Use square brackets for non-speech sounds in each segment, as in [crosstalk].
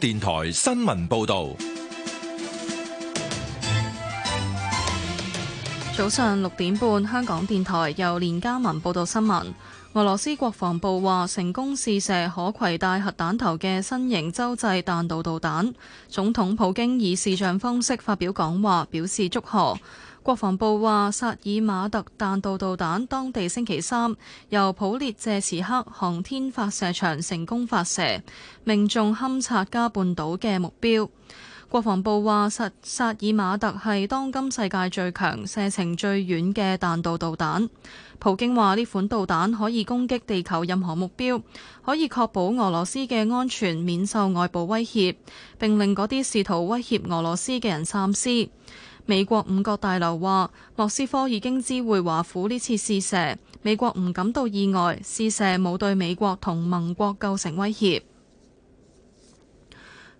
電台新聞報道：早上六點半，香港電台由連家文報道新聞。俄羅斯國防部話成功試射可攜帶核彈頭嘅新型洲際彈道導彈。總統普京以視像方式發表講話，表示祝賀。國防部話薩爾馬特彈道導彈當地星期三由普列謝茨克航天發射場成功發射，命中堪察加半島嘅目標。國防部話薩薩爾馬特係當今世界最強、射程最遠嘅彈道導彈。普京話呢款導彈可以攻擊地球任何目標，可以確保俄羅斯嘅安全免受外部威脅，並令嗰啲試圖威脅俄羅斯嘅人三思。美國五角大樓話，莫斯科已經知會華府呢次試射，美國唔感到意外，試射冇對美國同盟國構成威脅。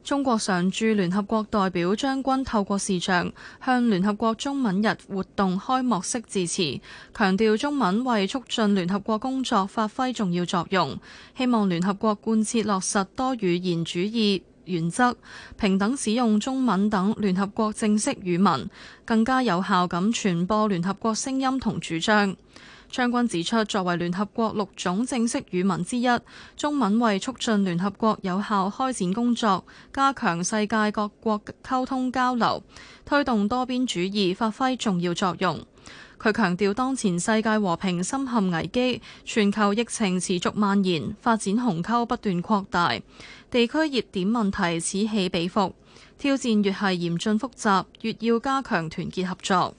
中國常駐聯合國代表張軍透過視像向聯合國中文日活動開幕式致辭，強調中文為促進聯合國工作發揮重要作用，希望聯合國貫徹落實多語言主義，原則平等使用中文等聯合國正式語文，更加有效咁傳播聯合國聲音同主張。張軍指出，作為聯合國六種正式語文之一，中文為促進聯合國有效開展工作、加強世界各國溝通交流、推動多邊主義發揮重要作用。佢強調，當前世界和平深陷危機，全球疫情持續蔓延，發展鴻溝不斷擴大。地區熱點問題此起彼伏，挑戰越係嚴峻複雜，越要加強團結合作。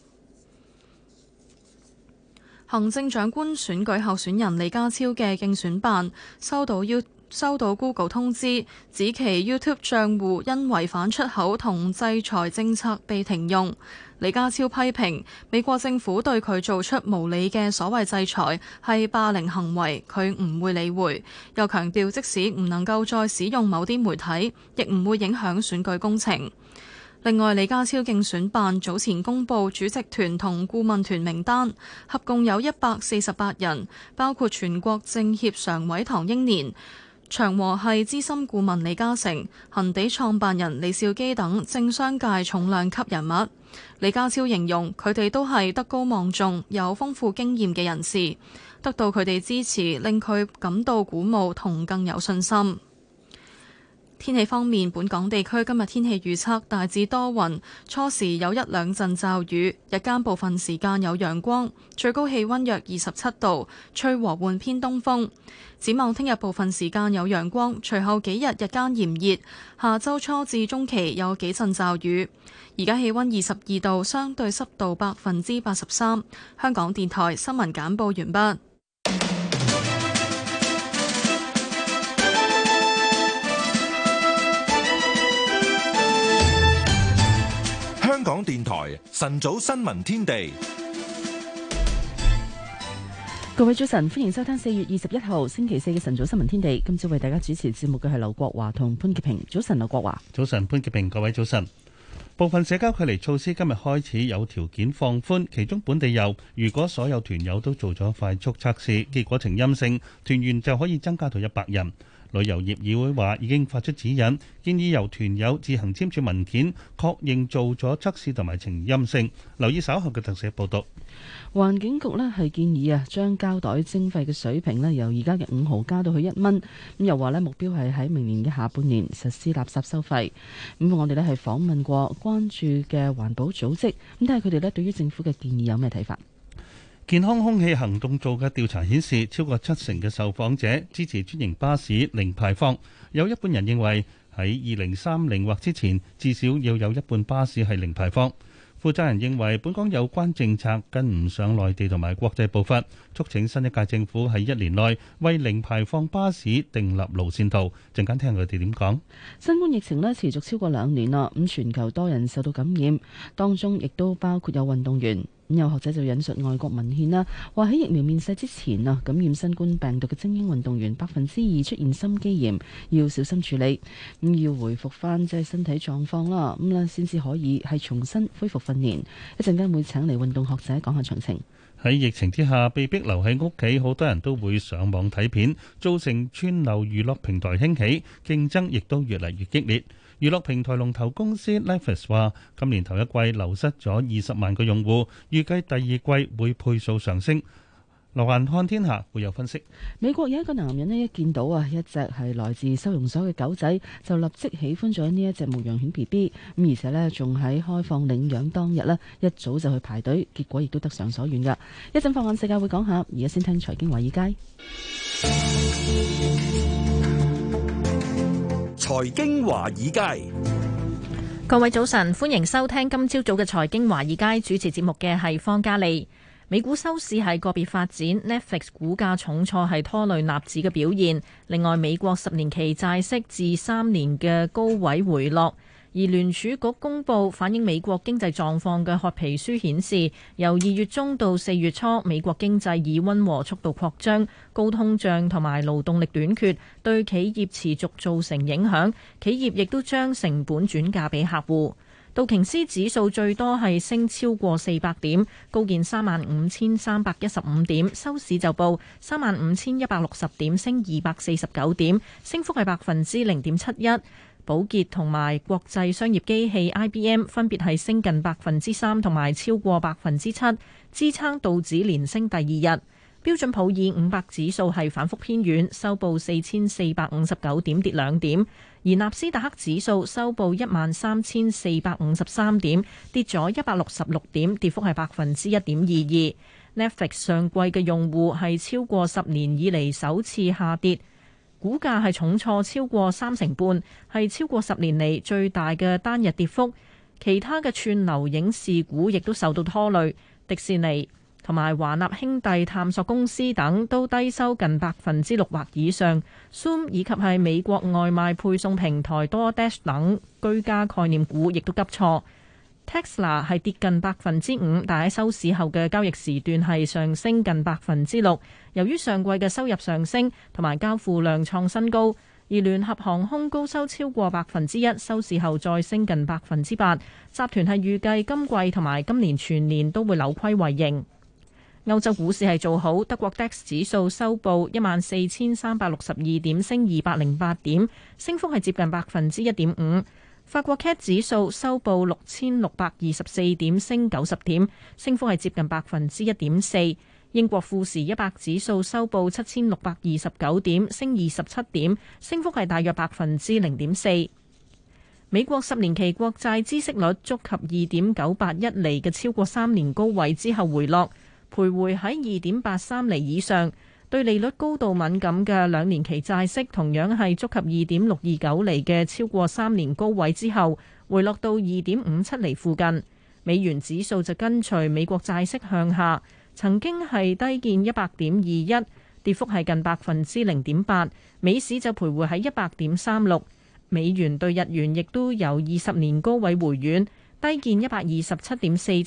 行政長官選舉候選人李家超嘅競選辦收到要收到 Google 通知，指其 YouTube 賬戶因違反出口同制裁政策被停用。李家超批評美國政府對佢做出無理嘅所謂制裁係霸凌行為，佢唔會理會。又強調，即使唔能夠再使用某啲媒體，亦唔會影響選舉工程。另外，李家超競選辦早前公布主席團同顧問團名單，合共有一百四十八人，包括全國政協常委唐英年。長和系資深顧問李嘉誠、恒地創辦人李兆基等政商界重量級人物。李家超形容佢哋都係德高望重、有豐富經驗嘅人士，得到佢哋支持，令佢感到鼓舞同更有信心。天氣方面，本港地區今日天氣預測大致多雲，初時有一兩陣驟雨，日間部分時間有陽光，最高氣溫約二十七度，吹和緩偏東風。展望聽日部分時間有陽光，隨後幾日日間炎熱，下周初至中期有幾陣驟雨。而家氣溫二十二度，相對濕度百分之八十三。香港電台新聞簡報完畢。香港電台晨早新聞天地，各位早晨，歡迎收聽四月二十一號星期四嘅晨早新聞天地。今朝為大家主持節目嘅係劉國華同潘潔平。早晨，劉國華，早晨，潘潔平，各位早晨。部分社交距離措施今日開始有條件放寬，其中本地遊，如果所有團友都做咗快速測試，結果呈陰性，團員就可以增加到一百人。旅遊業議會話已經發出指引，建議由團友自行簽署文件，確認做咗測試同埋呈陰性。留意稍後嘅特寫報道。環境局呢係建議啊，將膠袋徵費嘅水平呢由而家嘅五毫加到去一蚊。咁又話呢目標係喺明年嘅下半年實施垃圾收費。咁我哋呢係訪問過關注嘅環保組織，咁睇下佢哋呢對於政府嘅建議有咩睇法。健康空氣行動做嘅調查顯示，超過七成嘅受訪者支持專營巴士零排放，有一半人認為喺二零三零或之前，至少要有一半巴士係零排放。負責人認為本港有關政策跟唔上內地同埋國際步伐，促請新一屆政府喺一年內為零排放巴士訂立路線圖，陣間聽佢哋點講。新冠疫情咧持續超過兩年啦，咁全球多人受到感染，當中亦都包括有運動員。有學者就引述外國文獻啦，話喺疫苗面世之前啊，感染新冠病毒嘅精英運動員百分之二出現心肌炎，要小心處理。咁要回復返即係身體狀況啦，咁咧先至可以係重新恢復訓練。一陣間會請嚟運動學者講下詳情。喺疫情之下，被逼留喺屋企，好多人都會上網睇片，造成串流娛樂平台興起，競爭亦都越嚟越激烈。娛樂平台龍頭公司 Netflix 話，今年頭一季流失咗二十萬個用戶，預計第二季會倍數上升。羅漢看天下會有分析。美國有一個男人咧，一見到啊一隻係來自收容所嘅狗仔，就立即喜歡咗呢一隻牧羊犬 B B，咁而且呢，仲喺開放領養當日咧，一早就去排隊，結果亦都得償所願噶。一陣放眼世界會講下，而家先聽財經華爾街。財經華爾街，各位早晨，歡迎收聽今朝早嘅財經華爾街，主持節目嘅係方嘉利。美股收市係個別發展，Netflix 股價重挫係拖累納指嘅表現。另外，美國十年期債息至三年嘅高位回落。而聯儲局公佈反映美國經濟狀況嘅褐皮書顯示，由二月中到四月初，美國經濟以溫和速度擴張，高通脹同埋勞動力短缺對企業持續造成影響，企業亦都將成本轉嫁俾客戶。道瓊斯指數最多係升超過四百點，高見三萬五千三百一十五點，收市就報三萬五千一百六十點，升二百四十九點，升幅係百分之零點七一。寶潔同埋國際商業機器 （IBM） 分別係升近百分之三同埋超過百分之七，支撐道指連升第二日。標準普爾五百指數係反覆偏軟，收報四千四百五十九點，跌兩點。而納斯達克指數收報一萬三千四百五十三點，跌咗一百六十六點，跌幅係百分之一點二二。Netflix 上季嘅用戶係超過十年以嚟首次下跌。股價係重挫，超過三成半，係超過十年嚟最大嘅單日跌幅。其他嘅串流影視股亦都受到拖累，迪士尼同埋華納兄弟探索公司等都低收近百分之六或以上。Zoom 以及係美國外賣配送平台 DoorDash 等居家概念股亦都急挫。Tesla 係跌近百分之五，但喺收市後嘅交易時段係上升近百分之六。由於上季嘅收入上升同埋交付量創新高，而聯合航空高收超過百分之一，收市後再升近百分之八。集團係預計今季同埋今年全年都會扭虧為盈。歐洲股市係做好，德國 DAX 指數收報一萬四千三百六十二點，升二百零八點，升幅係接近百分之一點五。法國 CAC 指數收報六千六百二十四點，升九十點，升幅係接近百分之一點四。英國富時一百指數收報七千六百二十九點，升二十七點，升幅係大約百分之零點四。美國十年期國債孳息率觸及二點九八一厘嘅超過三年高位之後回落，徘徊喺二點八三厘以上。對利率高度敏感嘅兩年期債息同樣係觸及二點六二九厘嘅超過三年高位之後，回落到二點五七厘附近。美元指數就跟隨美國債息向下，曾經係低見一百點二一，跌幅係近百分之零點八。美市就徘徊喺一百點三六。美元對日元亦都由二十年高位回軟，低見一百二十七點四七。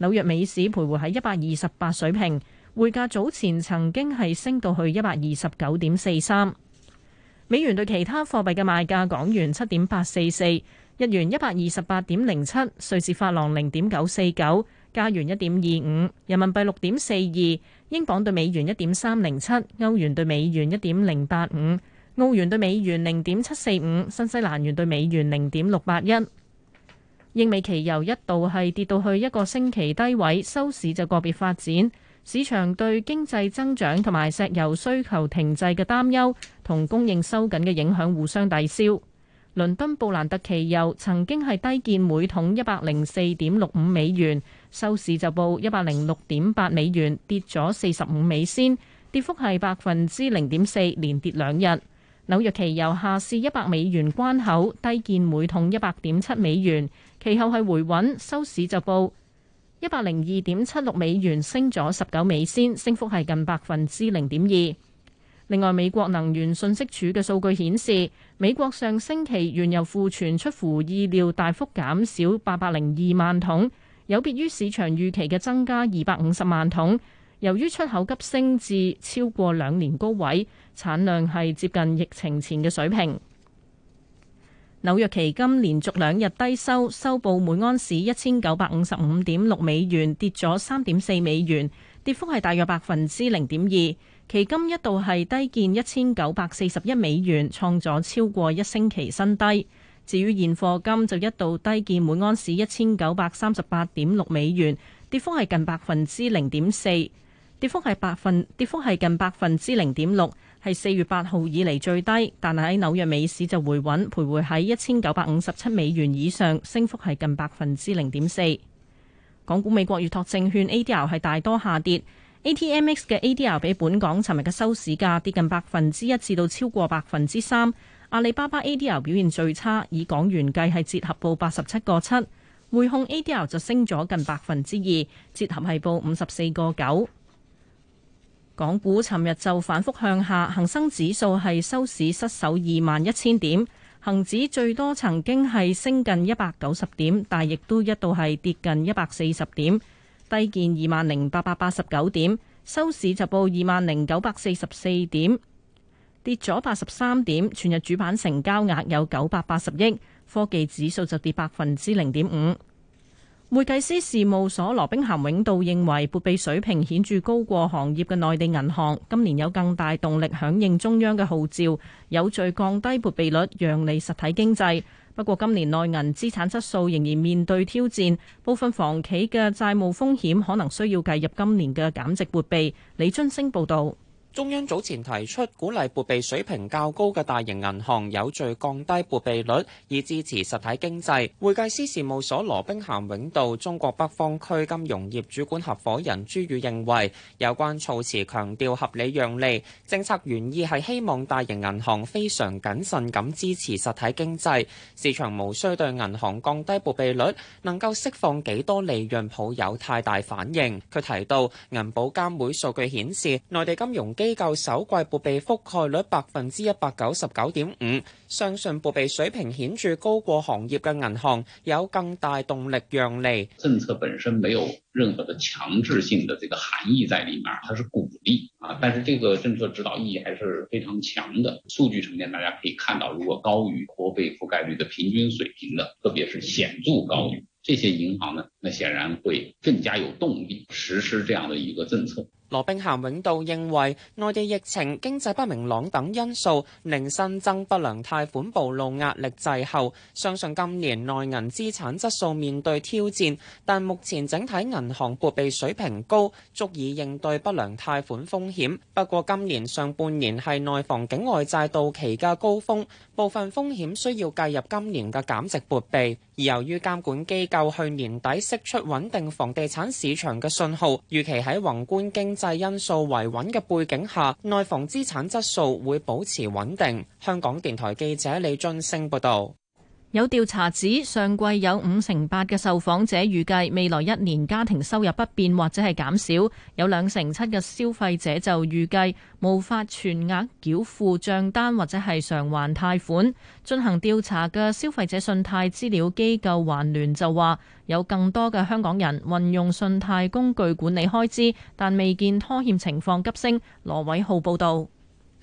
紐約美市徘徊喺一百二十八水平。匯價早前曾經係升到去一百二十九點四三。美元對其他貨幣嘅賣價，港元七點八四四，日元一百二十八點零七，瑞士法郎零點九四九，加元一點二五，人民幣六點四二，英鎊對美元一點三零七，歐元對美元一點零八五，澳元對美元零點七四五，新西蘭元對美元零點六八一。英美期油一度係跌到去一個星期低位，收市就個別發展。市場對經濟增長同埋石油需求停滯嘅擔憂同供應收緊嘅影響互相抵消。倫敦布蘭特期油曾經係低見每桶一百零四點六五美元，收市就報一百零六點八美元，跌咗四十五美仙，跌幅係百分之零點四，連跌兩日。紐約期油下試一百美元關口，低見每桶一百點七美元，其後係回穩，收市就報一百零二點七六美元，升咗十九美仙，升幅係近百分之零點二。另外，美國能源信息署嘅數據顯示，美國上星期原油庫存出乎意料大幅減少八百零二萬桶，有別於市場預期嘅增加二百五十萬桶。由於出口急升至超過兩年高位，產量係接近疫情前嘅水平。紐約期金連續兩日低收，收報每安士一千九百五十五點六美元，跌咗三點四美元，跌幅係大約百分之零點二。期金一度係低見一千九百四十一美元，創咗超過一星期新低。至於現貨金就一度低見每安士一千九百三十八點六美元，跌幅係近百分之零點四，跌幅係百分，跌幅係近百分之零點六。係四月八號以嚟最低，但係喺紐約美市就回穩，徘徊喺一千九百五十七美元以上，升幅係近百分之零點四。港股美國預託證券 ADR 係大多下跌，ATMX 嘅 ADR 比本港尋日嘅收市價跌近百分之一至到超過百分之三。阿里巴巴 ADR 表現最差，以港元計係折合報八十七個七，匯控 ADR 就升咗近百分之二，折合係報五十四個九。港股尋日就反覆向下，恒生指數係收市失守二萬一千點，恒指最多曾經係升近一百九十點，但亦都一度係跌近一百四十點，低見二萬零八百八十九點，收市就報二萬零九百四十四點，跌咗八十三點。全日主板成交額有九百八十億，科技指數就跌百分之零點五。會計師事務所羅兵咸永道認為撥備水平顯著高過行業嘅內地銀行，今年有更大動力響應中央嘅號召，有序降低撥備率，讓利實體經濟。不過今年內銀資產質素仍然面對挑戰，部分房企嘅債務風險可能需要計入今年嘅減值撥備。李津星報道。中央早前提出鼓勵撥備水平較高嘅大型銀行有序降低撥備率，以支持實體經濟。會計師事務所羅兵咸永道中國北方區金融業主管合夥人朱宇認為，有關措辭強調合理讓利，政策原意係希望大型銀行非常謹慎咁支持實體經濟。市場無需對銀行降低撥備率能夠釋放幾多利潤抱有太大反應。佢提到銀保監會數據顯示，內地金融。機構首季撥備覆蓋率百分之一百九十九點五，相信撥備水平顯著高過行業嘅銀行，有更大動力讓利。政策本身沒有任何的強制性的這個含義在裏面，它是鼓勵啊，但是這個政策指導意義還是非常強的。數據層面大家可以看到，如果高於撥備覆蓋率的平均水平的，特別是顯著高於這些銀行呢，那顯然會更加有動力實施這樣的一個政策。羅兵咸永道認為，內地疫情、經濟不明朗等因素令新增不良貸款暴露壓力滯後，相信今年內銀資產質素面對挑戰，但目前整體銀行撥備水平高，足以應對不良貸款風險。不過今年上半年係內房境外債到期嘅高峰，部分風險需要計入今年嘅減值撥備。而由於監管機構去年底釋出穩定房地產市場嘅信號，預期喺宏觀經濟。制因素維穩嘅背景下，內房資產質素素會保持穩定。香港電台記者李俊升報道。有調查指，上季有五成八嘅受訪者預計未來一年家庭收入不變或者係減少，有兩成七嘅消費者就預計無法全額繳付帳單或者係償還貸款。進行調查嘅消費者信貸資料機構環聯就話，有更多嘅香港人運用信貸工具管理開支，但未見拖欠情況急升。羅偉浩報道。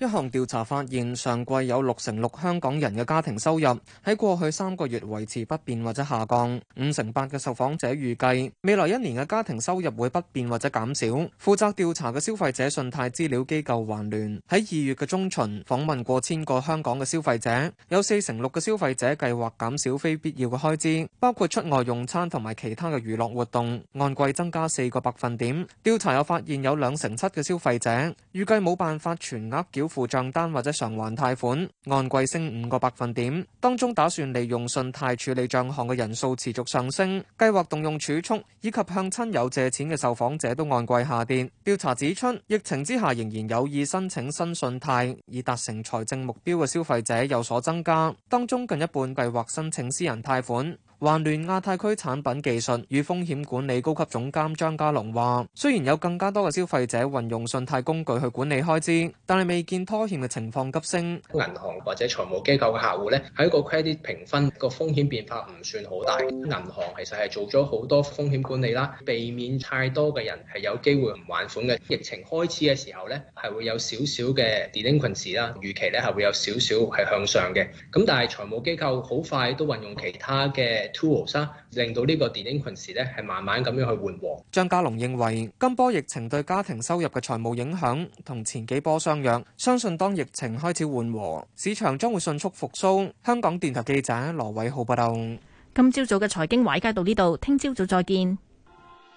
一項調查發現，上季有六成六香港人嘅家庭收入喺過去三個月維持不變或者下降。五成八嘅受訪者預計未來一年嘅家庭收入會不變或者減少。負責調查嘅消費者信貸資料機構環聯喺二月嘅中旬訪問過千個香港嘅消費者，有四成六嘅消費者計劃減少非必要嘅開支，包括出外用餐同埋其他嘅娛樂活動，按季增加四個百分點。調查又發現有兩成七嘅消費者預計冇辦法全額繳付賬單或者償還貸款，按季升五個百分點。當中打算利用信貸處理賬項嘅人數持續上升，計劃動用儲蓄以及向親友借錢嘅受訪者都按季下跌。調查指出，疫情之下仍然有意申請新信貸以達成財政目標嘅消費者有所增加，當中近一半計劃申請私人貸款。環聯亞太區產品技術與風險管理高級總監張家龍話：雖然有更加多嘅消費者運用信貸工具去管理開支，但係未見拖欠嘅情況急升。銀行或者財務機構嘅客戶咧，喺一個 credit 評分個風險變化唔算好大。銀行其實係做咗好多風險管理啦，避免太多嘅人係有機會唔還款嘅。疫情開始嘅時候咧，係會有少少嘅 delinquencies 啦，預期咧，係會有少少係向上嘅。咁但係財務機構好快都運用其他嘅。令到呢個電影群時咧係慢慢咁樣去緩和。張家龍認為今波疫情對家庭收入嘅財務影響同前幾波相若，相信當疫情開始緩和，市場將會迅速復甦。香港電台記者羅偉浩報道。今朝早嘅財經委街到呢度，聽朝早再見。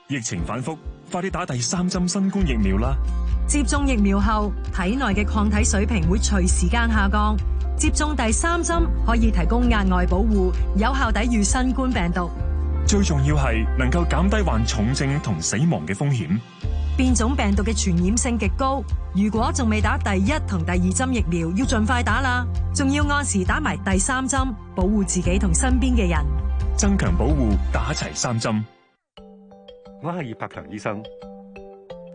疫情反覆，快啲打第三針新冠疫苗啦！接種疫苗後，體內嘅抗體水平會隨時間下降。接種第三針可以提供額外保護，有效抵御新冠病毒。最重要係能夠減低患重症同死亡嘅風險。變種病毒嘅傳染性極高，如果仲未打第一同第二針疫苗，要盡快打啦。仲要按時打埋第三針，保護自己同身邊嘅人。增強保護，打齊三針。我係葉柏強醫生。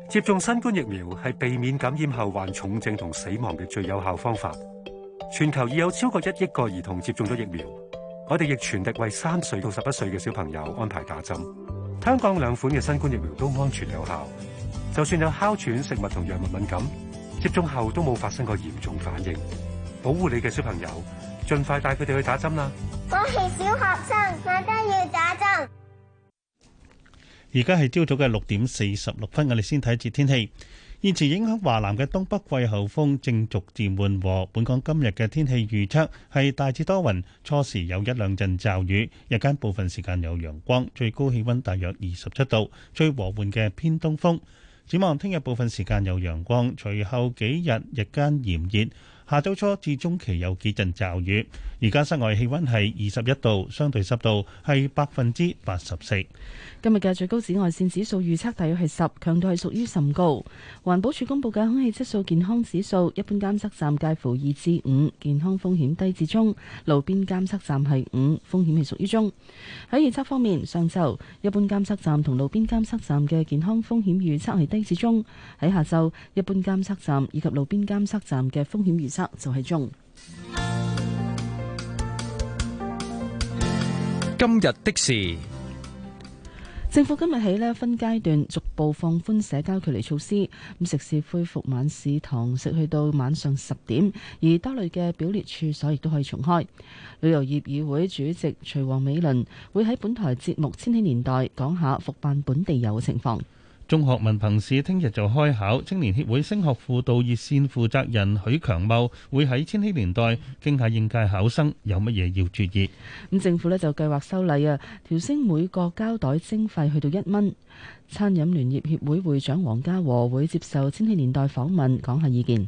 接種新冠疫苗係避免感染後患重症同死亡嘅最有效方法。全球已有超過一億個兒童接種咗疫苗，我哋亦全力為三歲到十一歲嘅小朋友安排打針。香港兩款嘅新冠疫苗都安全有效，就算有哮喘、食物同藥物敏感，接種後都冇發生過嚴重反應。保護你嘅小朋友，盡快帶佢哋去打針啦！我係小學生，我都要打針。而家係朝早嘅六點四十六分，我哋先睇一節天氣。現時影響華南嘅東北季候風正逐漸緩和，本港今日嘅天氣預測係大致多雲，初時有一兩陣驟雨，日間部分時間有陽光，最高氣温大約二十七度，吹和緩嘅偏東風。展望聽日部分時間有陽光，隨後幾日日間炎熱，下週初至中期有幾陣驟雨。而家室外氣温係二十一度，相對濕度係百分之八十四。今日嘅最高紫外線指數預測大約係十，強度係屬於甚高。環保署公布嘅空氣質素健康指數，一般監測站介乎二至五，健康風險低至中；路邊監測站係五，風險係屬於中。喺預測方面，上晝一般監測站同路邊監測站嘅健康風險預測係低至中；喺下晝，一般監測站以及路邊監測站嘅風險預測就係中。今日的事。政府今日起呢，分階段逐步放寬社交距離措施，咁食肆恢復晚市堂食去到晚上十點，而多類嘅表列處所亦都可以重開。旅遊業議會主席徐黃美麟會喺本台節目《千禧年代》講下復辦本地遊嘅情況。中學文憑試聽日就開考，青年協會升學輔導熱線負責人許強茂會喺千禧年代傾下應屆考生有乜嘢要注意。咁政府呢就計劃修例啊，調升每個膠袋徵費去到一蚊。餐飲聯業協會會長黃家和會接受千禧年代訪問，講下意見。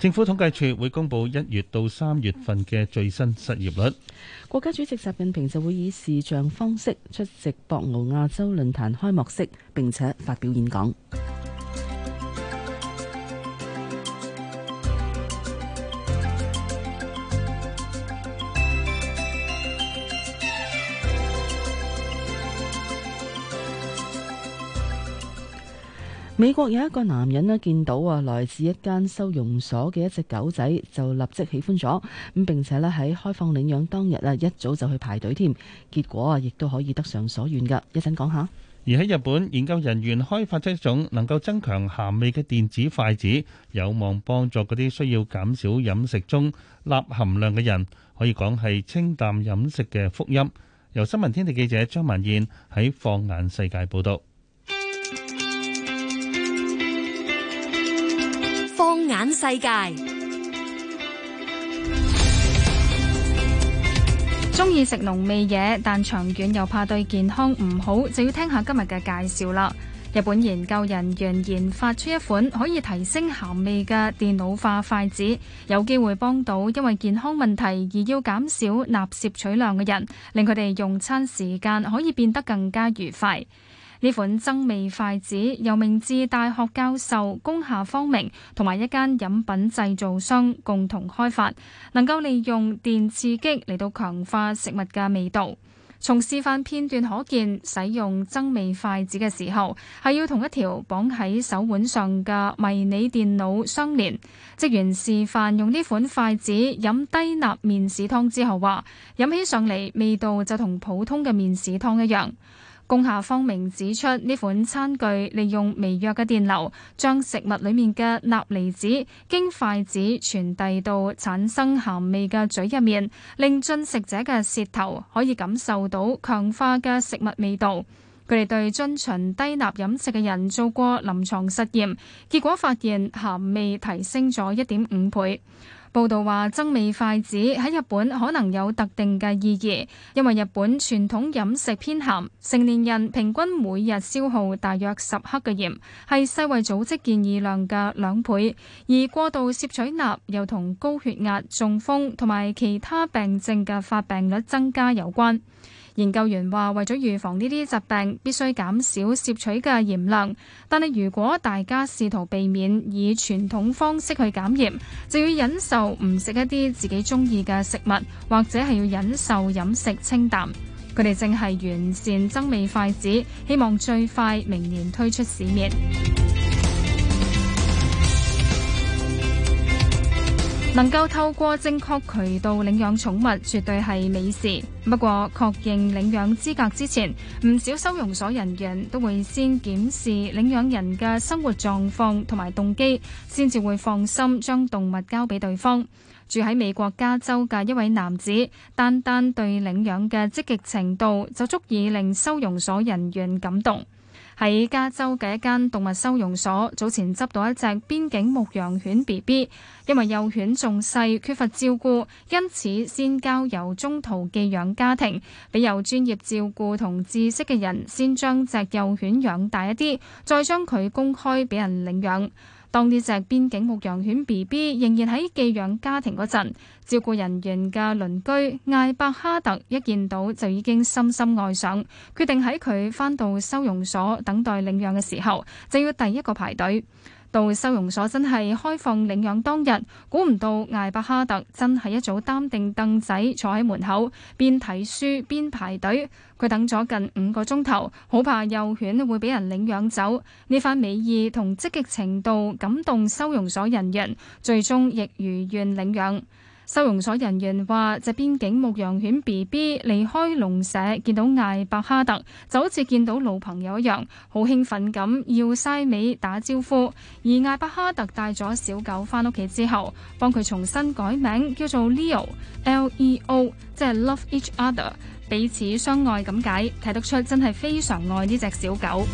政府統計處會公布一月到三月份嘅最新失業率。國家主席習近平就會以視像方式出席博鰲亞洲論壇開幕式，並且發表演講。美國有一個男人咧，見到啊，來自一間收容所嘅一隻狗仔，就立即喜歡咗咁，並且咧喺開放領養當日啊，一早就去排隊添，結果啊，亦都可以得償所願㗎。一陣講下。而喺日本，研究人員開發出一種能夠增強鹹味嘅電子筷子，有望幫助嗰啲需要減少飲食中鈉含量嘅人，可以講係清淡飲食嘅福音。由新聞天地記者張文燕喺放眼世界報道。放眼世界，中意食濃味嘢，但長遠又怕對健康唔好，就要聽下今日嘅介紹啦。日本研究人員研發出一款可以提升鹹味嘅電腦化筷子，有機會幫到因為健康問題而要減少鈉攝取量嘅人，令佢哋用餐時間可以變得更加愉快。呢款增味筷子由明治大學教授宮下芳明同埋一間飲品製造商共同開發，能夠利用電刺激嚟到強化食物嘅味道。從示範片段可見，使用增味筷子嘅時候係要同一條綁喺手腕上嘅迷你電腦相連。職員示範用呢款筷子飲低鈉麵豉湯之後話：飲起上嚟味道就同普通嘅麵豉湯一樣。宮下芳明指出，呢款餐具利用微弱嘅電流，將食物裏面嘅鈉離子經筷子傳遞到產生鹹味嘅嘴入面，令進食者嘅舌頭可以感受到強化嘅食物味道。佢哋對遵循低鈉飲食嘅人做過臨床實驗，結果發現鹹味提升咗一點五倍。報道話，增味筷子喺日本可能有特定嘅意義，因為日本傳統飲食偏鹹，成年人平均每日消耗大約十克嘅鹽，係世衛組織建議量嘅兩倍，而過度攝取鈉又同高血壓、中風同埋其他病症嘅發病率增加有關。研究員話：為咗預防呢啲疾病，必須減少攝取嘅鹽量。但係如果大家試圖避免以傳統方式去減鹽，就要忍受唔食一啲自己鍾意嘅食物，或者係要忍受飲食清淡。佢哋正係完善增味筷子，希望最快明年推出市面。能夠透過正確渠道領養寵物，絕對係美事。不過，確認領養資格之前，唔少收容所人員都會先檢視領養人嘅生活狀況同埋動機，先至會放心將動物交俾對方。住喺美國加州嘅一位男子，單單對領養嘅積極程度就足以令收容所人員感動。喺加州嘅一間動物收容所，早前執到一隻邊境牧羊犬 BB，因為幼犬仲細，缺乏照顧，因此先交由中途寄養家庭，俾有專業照顧同知識嘅人先將隻幼犬養大一啲，再將佢公開俾人領養。當呢隻邊境牧羊犬 BB 仍然喺寄養家庭嗰陣，照顧人員嘅鄰居艾伯哈特一見到就已經深深愛上，決定喺佢返到收容所等待領養嘅時候，就要第一個排隊。到收容所真係開放領養當日，估唔到艾伯哈特真係一早擔定凳仔坐喺門口，邊睇書邊排隊。佢等咗近五個鐘頭，好怕幼犬會俾人領養走。呢番美意同積極程度感動收容所人員，最終亦如願領養。收容所人員話：隻邊境牧羊犬 B B 離開農舍，見到艾伯哈特就好似見到老朋友一樣，好興奮咁要晒尾打招呼。而艾伯哈特帶咗小狗翻屋企之後，幫佢重新改名叫做 Leo L E O，即係 Love Each Other，彼此相愛咁解。睇得出真係非常愛呢隻小狗。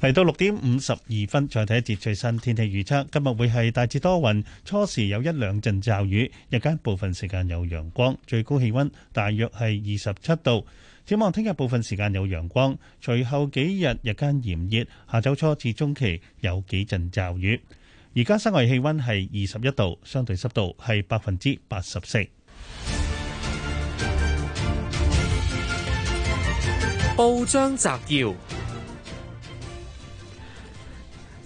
嚟到六點五十二分，再睇一節最新天氣預測。今日會係大致多雲，初時有一兩陣驟雨，日間部分時間有陽光，最高氣溫大約係二十七度。展望聽日部分時間有陽光，隨後幾日日間炎熱，下周初至中期有幾陣驟雨。而家室外氣溫係二十一度，相對濕度係百分之八十四。報章摘要。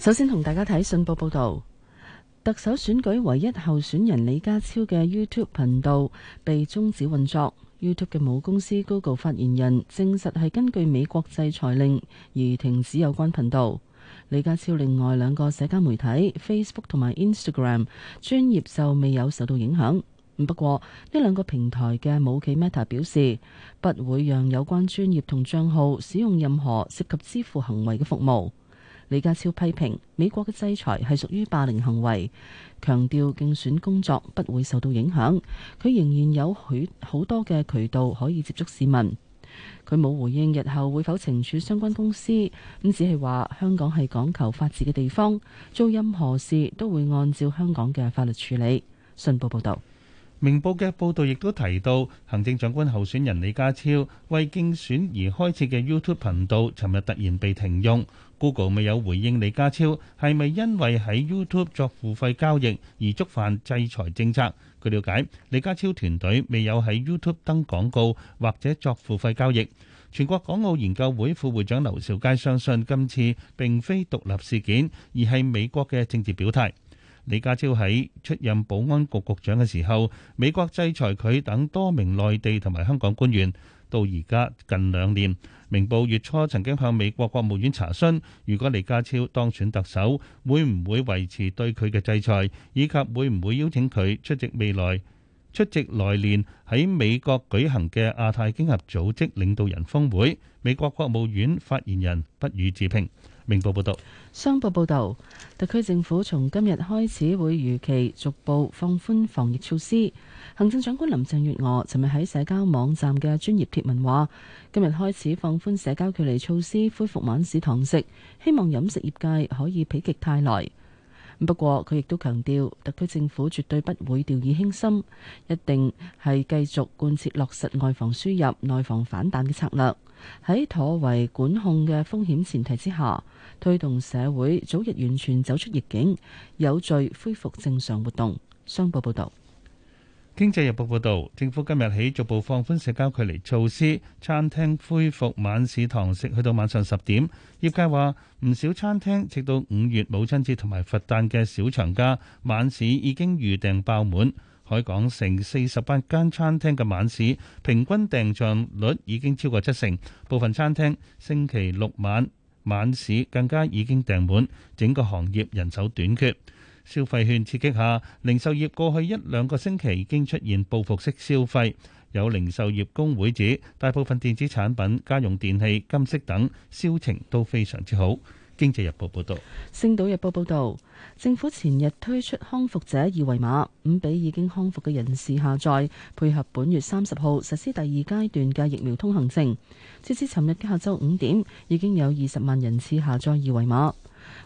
首先同大家睇《信報》報道，特首選舉唯一候選人李家超嘅 YouTube 頻道被終止運作。YouTube 嘅母公司 Google 發言人證實係根據美國制裁令而停止有關頻道。李家超另外兩個社交媒體 Facebook 同埋 Instagram 專業就未有受到影響。不過呢兩個平台嘅母企 Meta 表示，不會讓有關專業同賬號使用任何涉及支付行為嘅服務。李家超批評美國嘅制裁係屬於霸凌行為，強調競選工作不會受到影響。佢仍然有許好多嘅渠道可以接觸市民。佢冇回應日後會否懲處相關公司，咁只係話香港係講求法治嘅地方，做任何事都會按照香港嘅法律處理。信報報道，明報嘅報道亦都提到，行政長官候選人李家超為競選而開設嘅 YouTube 頻道，尋日突然被停用。Google 未有回應李家超係咪因為喺 YouTube 作付費交易而觸犯制裁政策。據了解，李家超團隊未有喺 YouTube 登廣告或者作付費交易。全國港澳研究會副會長劉兆佳相信今次並非獨立事件，而係美國嘅政治表態。李家超喺出任保安局局長嘅時候，美國制裁佢等多名內地同埋香港官員，到而家近兩年。明報月初曾經向美國國務院查詢，如果李家超當選特首，會唔會維持對佢嘅制裁，以及會唔會邀請佢出席未來出席來年喺美國舉行嘅亞太經合組織領導人峰會？美國國務院發言人不予置評。明報報道：「商報報道，特區政府從今日開始會預期逐步放寬防疫措施。行政長官林鄭月娥尋日喺社交網站嘅專業貼文話：今日開始放寬社交距離措施，恢復晚市堂食，希望飲食業界可以否極泰來。不過佢亦都強調，特區政府絕對不會掉以輕心，一定係繼續貫徹落實外防輸入、內防反彈嘅策略，喺妥為管控嘅風險前提之下，推動社會早日完全走出逆境，有序恢復正常活動。商報報道。經濟日報報導，政府今日起逐步放寬社交距離措施，餐廳恢復晚市堂食，去到晚上十點。業界話，唔少餐廳直到五月母親節同埋佛誕嘅小長假，晚市已經預訂爆滿。海港城四十八間餐廳嘅晚市平均訂座率已經超過七成，部分餐廳星期六晚晚市更加已經訂滿，整個行業人手短缺。消費券刺激下，零售業過去一兩個星期已經出現報復式消費。有零售業公會指，大部分電子產品、家用電器、金飾等銷情都非常之好。經濟日報報導，星島日報報導，政府前日推出康復者二維碼，咁俾已經康復嘅人士下載，配合本月三十號實施第二階段嘅疫苗通行證。截至尋日嘅下晝五點，已經有二十萬人次下載二維碼。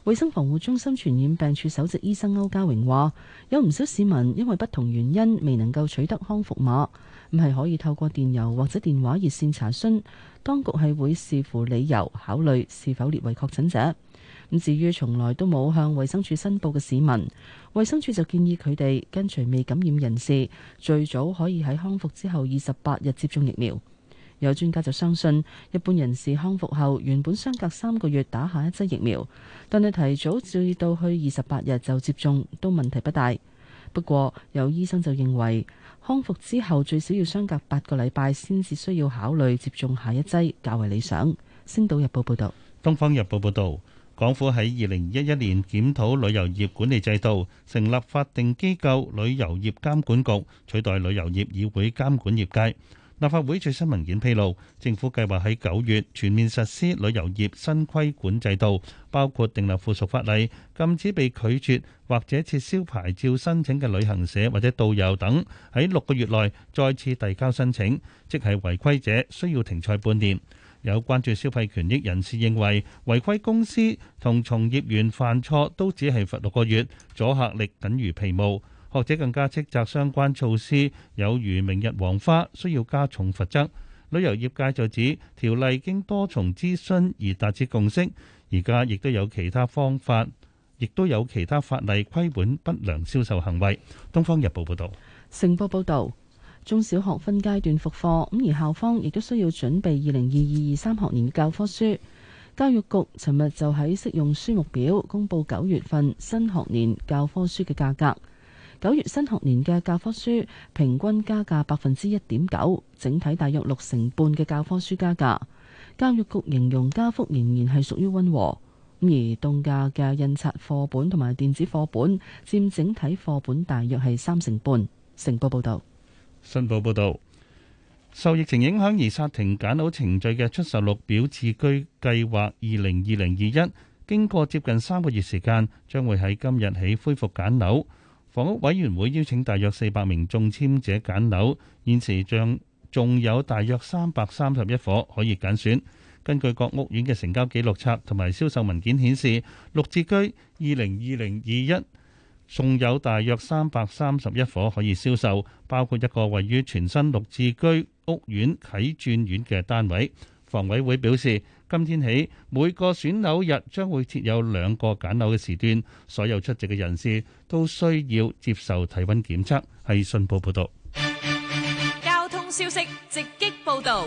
衛生防護中心傳染病處首席醫生歐家榮話，有唔少市民因為不同原因未能夠取得康復碼，咁係可以透過電郵或者電話熱線查詢。當局係會視乎理由考慮是否列為確診者。咁至於從來都冇向衛生署申報嘅市民，衛生署就建議佢哋跟隨未感染人士，最早可以喺康復之後二十八日接種疫苗。有專家就相信，一般人士康復後，原本相隔三個月打下一劑疫苗，但係提早至到去二十八日就接種都問題不大。不過有醫生就認為，康復之後最少要相隔八個禮拜先至需要考慮接種下一劑，較為理想。星島日報報道。東方日報報道，港府喺二零一一年檢討旅遊業管理制度，成立法定機構旅遊業監管局，取代旅遊業議會監管業界。立法會最新文件披露，政府計劃喺九月全面實施旅遊業新規管制度，包括訂立附屬法例，禁止被拒絕或者撤銷牌照申請嘅旅行社或者導遊等喺六個月內再次遞交申請，即係違規者需要停賽半年。有關注消費權益人士認為，違規公司同從業員犯錯都只係罰六個月，阻嚇力等如皮毛。或者更加斥責相關措施有如明日黃花，需要加重罰則，旅遊業界就指條例經多重諮詢而達至共識，而家亦都有其他方法，亦都有其他法例規管不良銷售行為，東方日報報道，成報報道，中小學分階段復課，咁而校方亦都需要準備二零二二二三學年教科書，教育局尋日就喺適用書目表公布九月份新學年教科書嘅價格。九月新學年嘅教科書平均加價百分之一點九，整體大約六成半嘅教科書加價。教育局形容加幅仍然係屬於溫和。而凍價嘅印刷課本同埋電子課本佔整體課本大約係三成半。成報報道，新報報道，受疫情影響而煞停揀樓程序嘅出售綠表置居計劃二零二零二一，經過接近三個月時間，將會喺今日起恢復揀樓。房屋委員會邀請大約四百名中籤者揀樓，現時尚仲有大約三百三十一伙可以揀選。根據各屋苑嘅成交記錄冊同埋銷售文件顯示，綠置居二零二零二一，仲有大約三百三十一伙可以銷售，包括一個位於全新綠置居屋苑啟鑽苑嘅單位。房委會表示。今天起，每個選樓日將會設有兩個揀樓嘅時段，所有出席嘅人士都需要接受體溫檢測。係信報報道。交通消息直擊報道。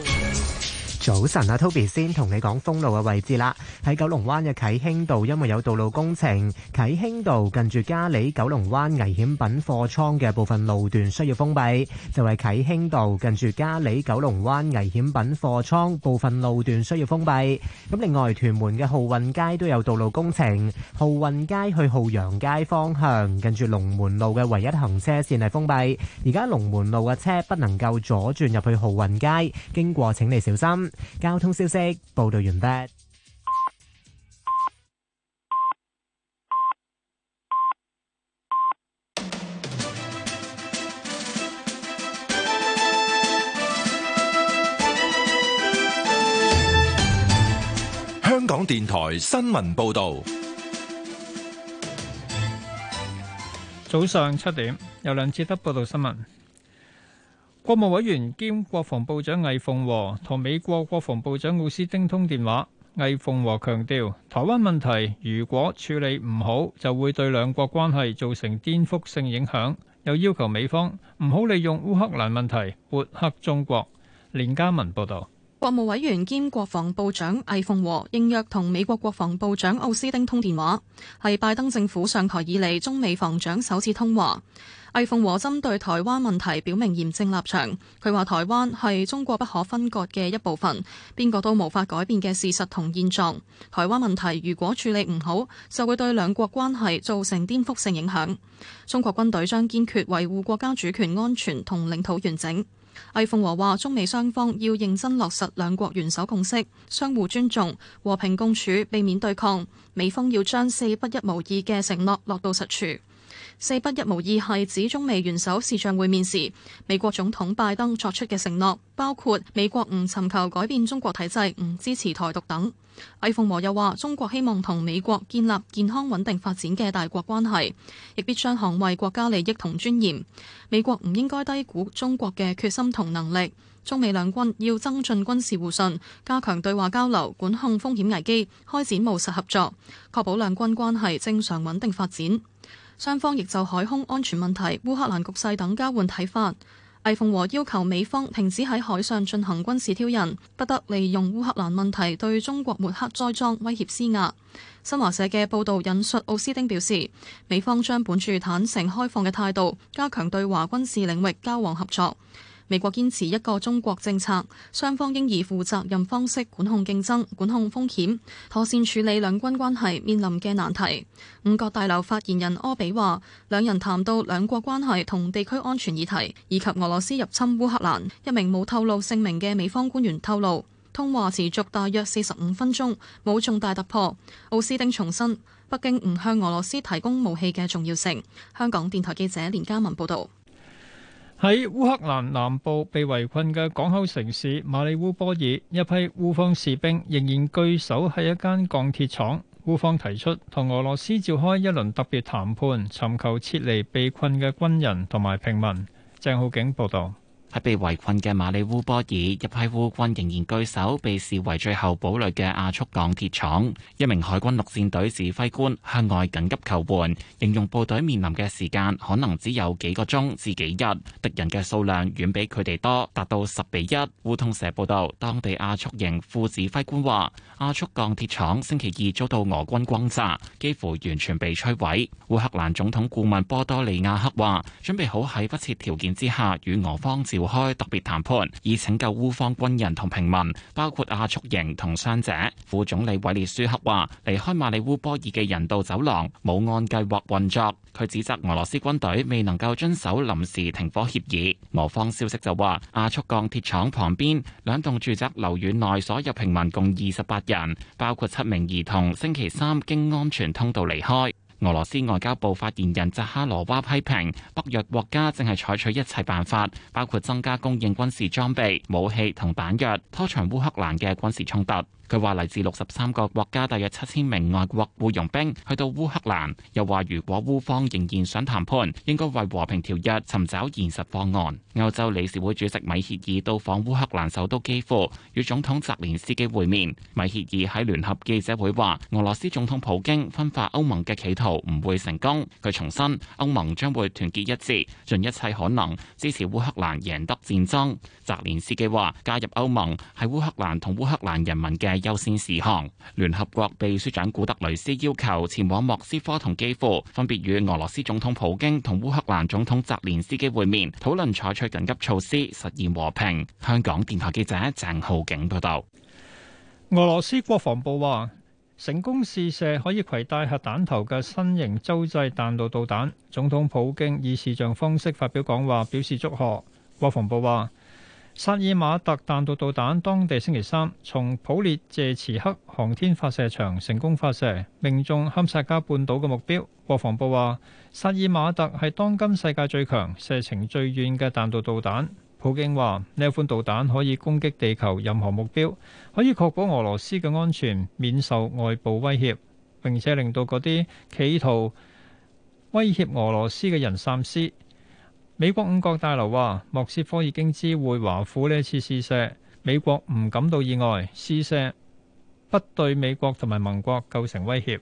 早晨啊，Toby 先同你講封路嘅位置啦。喺九龍灣嘅啟興道，因為有道路工程，啟興道近住嘉里九龍灣危險品貨倉嘅部分路段需要封閉，就係啟興道近住嘉里九龍灣危險品貨倉部分路段需要封閉。咁另外，屯門嘅浩運街都有道路工程，浩運街去浩洋街方向近住龍門路嘅唯一行車線係封閉，而家龍門路嘅車不能夠左轉入去浩運街，經過請你小心。交通消息報道完畢。香港電台新聞報道，早上七點有兩次得報道新聞。國務委員兼國防部長魏鳳和同美國國防部長奧斯汀通電話，魏鳳和強調台灣問題如果處理唔好，就會對兩國關係造成顛覆性影響，又要求美方唔好利用烏克蘭問題抹黑中國。連家文報道，國務委員兼國防部長魏鳳和應約同美國國防部長奧斯汀通電話，係拜登政府上台以嚟中美防長首次通話。魏鳳和針對台灣問題表明嚴正立場，佢話：台灣係中國不可分割嘅一部分，邊個都無法改變嘅事實同現狀。台灣問題如果處理唔好，就會對兩國關係造成顛覆性影響。中國軍隊將堅決維護國家主權安全同領土完整。魏鳳和話：中美雙方要認真落實兩國元首共識，相互尊重，和平共處，避免對抗。美方要將四不一無二嘅承諾落落到實處。四不一無意，係指中美元首視像會面時，美國總統拜登作出嘅承諾，包括美國唔尋求改變中國體制、唔支持台獨等。魏鳳和又話：中國希望同美國建立健康穩定發展嘅大國關係，亦必將捍衛國家利益同尊嚴。美國唔應該低估中國嘅決心同能力。中美兩軍要增進軍事互信，加強對話交流，管控風險危機，開展務實合作，確保兩軍關係正常穩定發展。雙方亦就海空安全問題、烏克蘭局勢等交換睇法。魏鳳和要求美方停止喺海上進行軍事挑釁，不得利用烏克蘭問題對中國抹黑栽贓、威脅施壓。新華社嘅報導引述奧斯丁表示，美方將本住坦誠開放嘅態度，加強對華軍事領域交往合作。美國堅持一個中國政策，雙方應以負責任方式管控競爭、管控風險，妥善處理兩軍關係面臨嘅難題。五角大樓發言人柯比話，兩人談到兩國關係同地區安全議題以及俄羅斯入侵烏克蘭。一名冇透露姓名嘅美方官員透露，通話持續大約四十五分鐘，冇重大突破。奧斯丁重申，北京唔向俄羅斯提供武器嘅重要性。香港電台記者連嘉文報道。喺烏克蘭南部被圍困嘅港口城市馬里烏波爾，一批烏方士兵仍然據守喺一間鋼鐵廠。烏方提出同俄羅斯召開一輪特別談判，尋求撤離被困嘅軍人同埋平民。鄭浩景報道。喺被圍困嘅馬里烏波爾，一批烏軍仍然據守，被視為最後堡壘嘅亞速鋼鐵廠。一名海軍陸戰隊指揮官向外緊急求援，形容部隊面臨嘅時間可能只有幾個鐘至幾日，敵人嘅數量遠比佢哋多，達到十比一。烏通社報導，當地亞速營副指揮官話：亞速鋼鐵廠星期二遭到俄軍轟炸，幾乎完全被摧毀。烏克蘭總統顧問波多利亞克話：準備好喺不設條件之下與俄方接召開特別談判，以拯救烏方軍人同平民，包括亞速營同傷者。副總理韋列舒克話，離開馬里烏波爾嘅人道走廊冇按計劃運作。佢指責俄羅斯軍隊未能夠遵守臨時停火協議。俄方消息就話，亞速鋼鐵廠旁邊兩棟住宅樓院內所有平民共二十八人，包括七名兒童，星期三經安全通道離開。俄羅斯外交部發言人扎哈羅娃批評北約國家正係採取一切辦法，包括增加供應軍事裝備、武器同彈藥，拖長烏克蘭嘅軍事衝突。佢話嚟自六十三個國家、大約七千名外國僱傭兵去到烏克蘭。又話如果烏方仍然想談判，應該為和平條約尋找現實方案。歐洲理事會主席米歇爾到訪烏克蘭首都基輔，與總統澤連斯基會面。米歇爾喺聯合記者會話：俄羅斯總統普京分化歐盟嘅企圖唔會成功。佢重申，歐盟將會團結一致，盡一切可能支持烏克蘭贏得戰爭。澤連斯基話：加入歐盟係烏克蘭同烏克蘭人民嘅優先事項。聯合國秘書長古特雷斯要求前往莫斯科同基輔，分別與俄羅斯總統普京同烏克蘭總統澤連斯基會面，討論採取緊急措施實現和平。香港電台記者鄭浩景報道。俄羅斯國防部話。成功試射可以携帶核彈頭嘅新型洲際彈道導彈。總統普京以視像方式發表講話，表示祝賀。國防部話，薩爾馬特彈道導彈當地星期三從普列謝茨克航天發射場成功發射，命中堪察加半島嘅目標。國防部話，薩爾馬特係當今世界最強、射程最遠嘅彈道導彈。普京話：呢款導彈可以攻擊地球任何目標，可以確保俄羅斯嘅安全，免受外部威脅，並且令到嗰啲企圖威脅俄羅斯嘅人三思。美國五角大樓話：莫斯科已經知會華府呢一次試射，美國唔感到意外，試射不對美國同埋盟國構成威脅。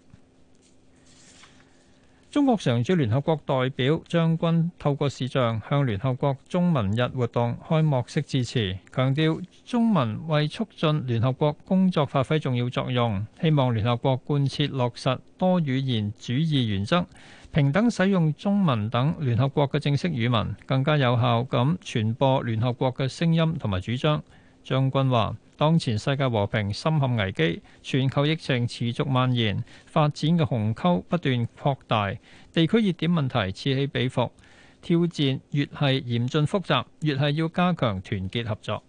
中國常駐聯合國代表張軍透過視像向聯合國中文日活動開幕式致辭，強調中文為促進聯合國工作發揮重要作用，希望聯合國貫徹落實多語言主義原則，平等使用中文等聯合國嘅正式語文，更加有效咁傳播聯合國嘅聲音同埋主張。張軍話：當前世界和平深陷危機，全球疫情持續蔓延，發展嘅鴻溝不斷擴大，地區熱點問題此起彼伏，挑戰越係嚴峻複雜，越係要加強團結合作。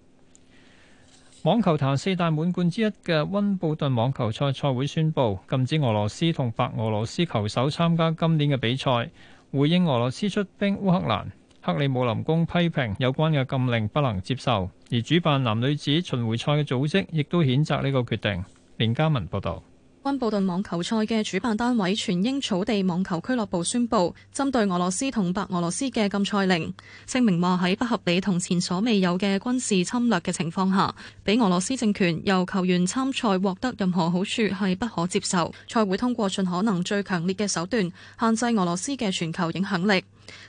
網球壇四大滿貫之一嘅溫布頓網球賽賽會宣布禁止俄羅斯同白俄羅斯球手參加今年嘅比賽，回應俄羅斯出兵烏克蘭。克里姆林宮批評有關嘅禁令不能接受，而主辦男女子巡回賽嘅組織亦都譴責呢個決定。連家文報道。溫布頓網球賽嘅主辦單位全英草地網球俱樂部宣布，針對俄羅斯同白俄羅斯嘅禁賽令，聲明話喺不合理同前所未有嘅軍事侵略嘅情況下，俾俄羅斯政權由球員參賽獲得任何好處係不可接受。賽會通過盡可能最強烈嘅手段，限制俄羅斯嘅全球影響力。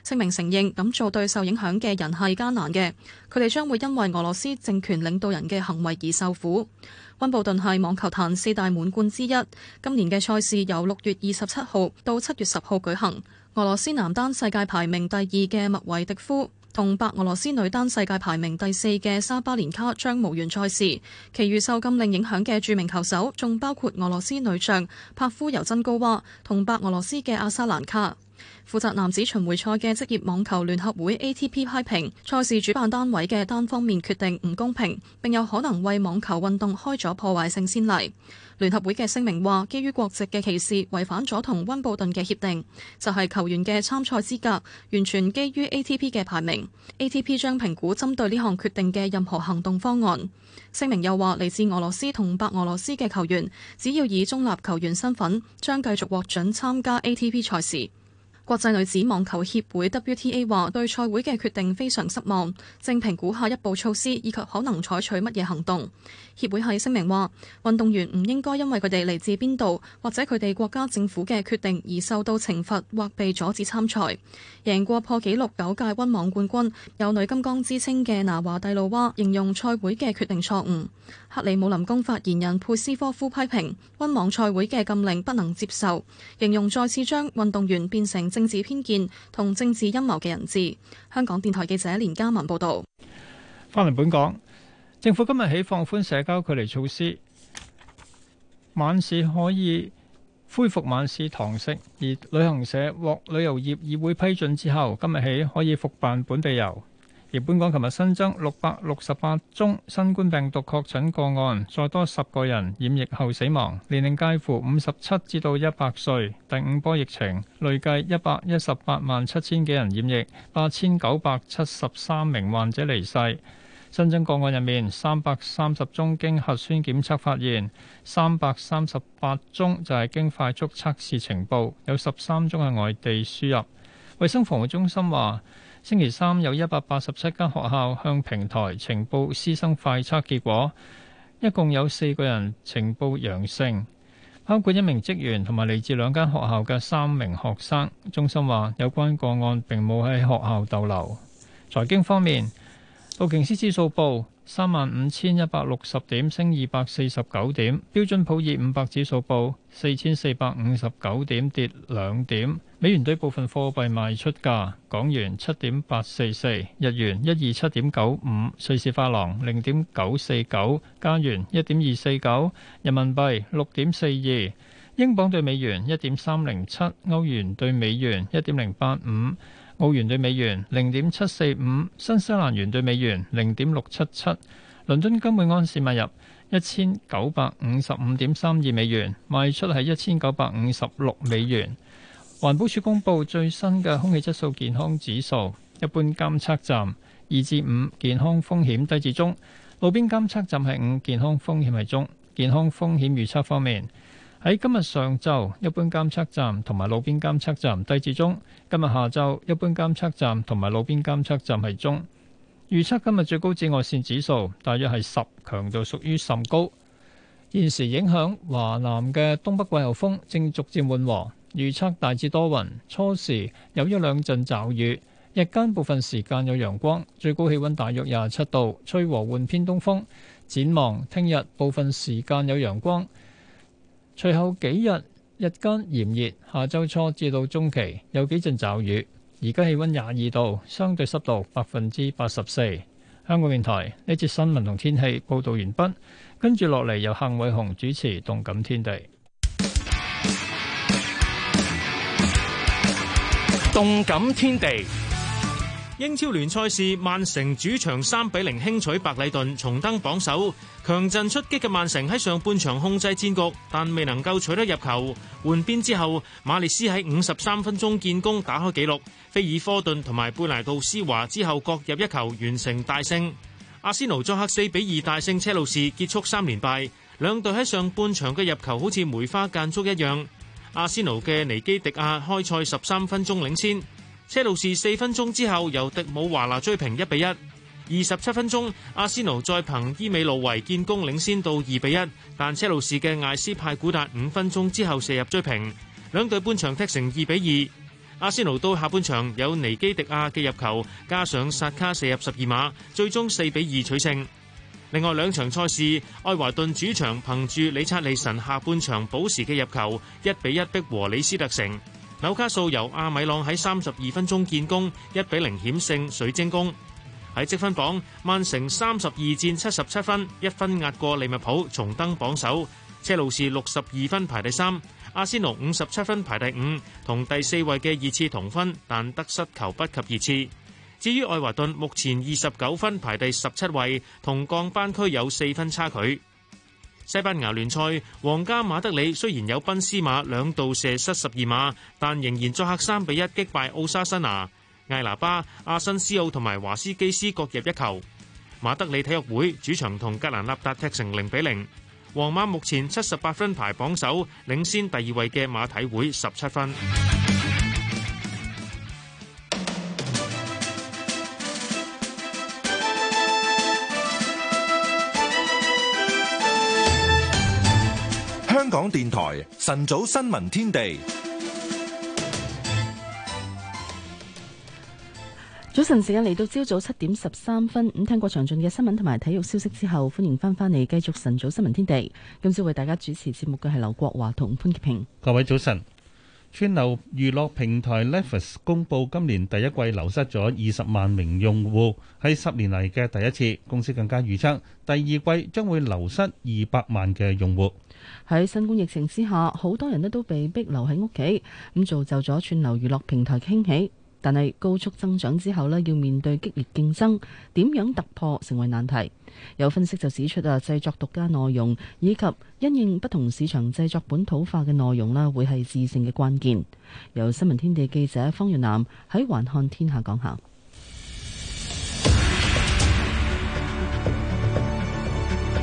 聲明承認咁做對受影響嘅人係艱難嘅，佢哋將會因為俄羅斯政權領導人嘅行為而受苦。溫布頓係網球壇四大滿貫之一，今年嘅賽事由六月二十七號到七月十號舉行。俄羅斯男單世界排名第二嘅麥維迪夫同白俄羅斯女單世界排名第四嘅沙巴連卡將無緣賽事。其餘受禁令影響嘅著名球手，仲包括俄羅斯女將帕夫尤珍高娃同白俄羅斯嘅阿沙蘭卡。負責男子巡回賽嘅職業網球聯合會 A.T.P. 批評賽事主辦單位嘅單方面決定唔公平，並有可能為網球運動開咗破壞性先例。聯合會嘅聲明話，基於國籍嘅歧視違反咗同温布頓嘅協定，就係球員嘅參賽資格完全基於 A.T.P. 嘅排名。A.T.P. 將評估針對呢項決定嘅任何行動方案。聲明又話，嚟自俄羅斯同白俄羅斯嘅球員，只要以中立球員身份，將繼續獲准參加 A.T.P. 賽事。國際女子網球協會 WTA 話對賽會嘅決定非常失望，正評估下一步措施以及可能採取乜嘢行動。協會喺聲明話，運動員唔應該因為佢哋嚟自邊度或者佢哋國家政府嘅決定而受到懲罰或被阻止參賽。贏過破紀錄九屆溫網冠軍、有女金剛之稱嘅拿華帝露娃形容賽會嘅決定錯誤。克里姆林宮發言人佩斯科夫批評，温網賽會嘅禁令不能接受，形容再次將運動員變成政治偏見同政治陰謀嘅人質。香港電台記者連家文報道：「翻嚟本港，政府今日起放寬社交距離措施，晚市可以恢復晚市堂食，而旅行社獲旅遊業議會批准之後，今日起可以復辦本地遊。而本港琴日新增六百六十八宗新冠病毒確診個案，再多十個人染疫後死亡，年齡介乎五十七至到一百歲。第五波疫情累計一百一十八萬七千幾人染疫，八千九百七十三名患者離世。新增個案入面，三百三十宗經核酸檢測發現，三百三十八宗就係經快速測試呈報，有十三宗係外地輸入。衛生防護中心話。星期三有一百八十七間學校向平台呈報師生快測結果，一共有四個人呈報陽性，包括一名職員同埋嚟自兩間學校嘅三名學生。中心話有關個案並冇喺學校逗留。財經方面。道瓊斯指數報三萬五千一百六十點，升二百四十九點。標準普爾五百指數報四千四百五十九點，跌兩點。美元對部分貨幣賣出價：港元七點八四四，日元一二七點九五，瑞士法郎零點九四九，加元一點二四九，人民幣六點四二，英鎊對美元一點三零七，歐元對美元一點零八五。澳元兌美元零點七四五，新西蘭元兌美元零點六七七，倫敦金每安士買入一千九百五十五點三二美元，賣出係一千九百五十六美元。環保署公布最新嘅空氣質素健康指數，一般監測站二至五，健康風險低至中；路邊監測站係五，健康風險係中。健康風險預測方面。喺今日上晝，一般監測站同埋路邊監測站低至中。今日下晝，一般監測站同埋路邊監測站係中。預測今日最高紫外線指數大約係十，強度屬於甚高。現時影響華南嘅東北季候風正逐漸緩和，預測大致多雲，初時有一兩陣驟雨，日間部分時間有陽光，最高氣温大約廿七度，吹和緩偏東風。展望聽日部分時間有陽光。隨後幾日日間炎熱，下周初至到中期有幾陣驟雨。而家氣溫廿二度，相對濕度百分之八十四。香港電台呢節新聞同天氣報道完畢，跟住落嚟由幸偉雄主持《動感天地》。《動感天地》英超聯賽事曼城主場三比零輕取白禮頓，重登榜首。強陣出擊嘅曼城喺上半場控制戰局，但未能夠取得入球。換邊之後，馬利斯喺五十三分鐘建功打開紀錄，菲爾科頓同埋貝拿度斯華之後各入一球，完成大勝。阿仙奴作客四比二大勝車路士，結束三連敗。兩隊喺上半場嘅入球好似梅花間竹一樣。阿仙奴嘅尼基迪亞開賽十三分鐘領先。車路士四分鐘之後由迪姆華拿追平一比一，二十七分鐘阿仙奴再憑伊美路維建功，領先到二比一。但車路士嘅艾斯派古達五分鐘之後射入追平，兩隊半場踢成二比二。阿仙奴到下半場有尼基迪亞嘅入球，加上薩卡射入十二碼，最終四比二取勝。另外兩場賽事，愛華頓主場憑住李察利臣下半場補時嘅入球，一比一逼和李斯特城。紐卡素由阿米朗喺三十二分鐘建功，一比零險勝水晶宮。喺積分榜，曼城三十二戰七十七分，一分壓過利物浦重登榜首。車路士六十二分排第三，阿仙奴五十七分排第五，同第四位嘅熱刺同分，但得失球不及熱刺。至於愛華頓，目前二十九分排第十七位，同降班區有四分差距。西班牙聯賽，皇家馬德里雖然有賓斯馬兩度射失十二碼，但仍然作客三比一擊敗奧沙辛拿。艾拿巴、阿申斯奧同埋華斯基斯各入一球。馬德里體育會主場同格蘭納達踢成零比零。皇馬目前七十八分排榜首，領先第二位嘅馬體會十七分。港電台晨早新聞天地，早晨時間嚟到朝早七點十三分。咁聽過詳盡嘅新聞同埋體育消息之後，歡迎翻翻嚟繼續晨早新聞天地。今朝為大家主持節目嘅係劉國華同潘潔平。各位早晨。串流娛樂平台 Netflix 公布今年第一季流失咗二十萬名用戶，係十年嚟嘅第一次。公司更加預測第二季將會流失二百萬嘅用戶。喺新冠疫情之下，好多人咧都被逼留喺屋企，咁造就咗串流娛樂平台嘅興起。但係高速增長之後咧，要面對激烈競爭，點樣突破成為難題。有分析就指出啊，製作獨家內容以及因應不同市場製作本土化嘅內容啦，會係制勝嘅關鍵。由新聞天地記者方月南喺《環看天下》講下，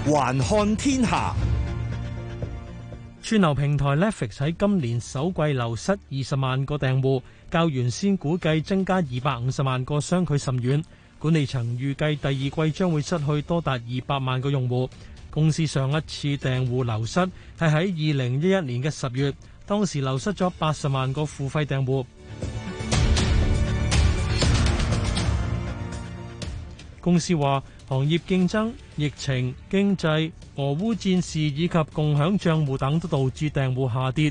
《環看天下》串流平台 Netflix 喺今年首季流失二十萬個訂戶，較原先估計增加二百五十萬個相距甚遠，管理層預計第二季將會失去多達二百萬個用戶。公司上一次訂戶流失係喺二零一一年嘅十月，當時流失咗八十萬個付費訂戶。公司話，行業競爭、疫情、經濟、俄烏戰事以及共享賬戶等都導致訂戶下跌。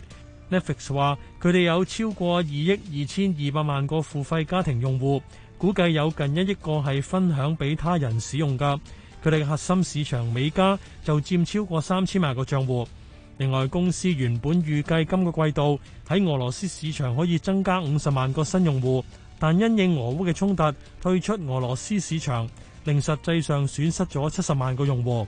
Netflix 話佢哋有超過二億二千二百萬個付費家庭用戶，估計有近一億個係分享俾他人使用㗎。佢哋嘅核心市場美加就佔超過三千萬個賬戶。另外，公司原本預計今個季度喺俄羅斯市場可以增加五十萬個新用戶，但因應俄烏嘅衝突退出俄羅斯市場，令實際上損失咗七十萬個用戶。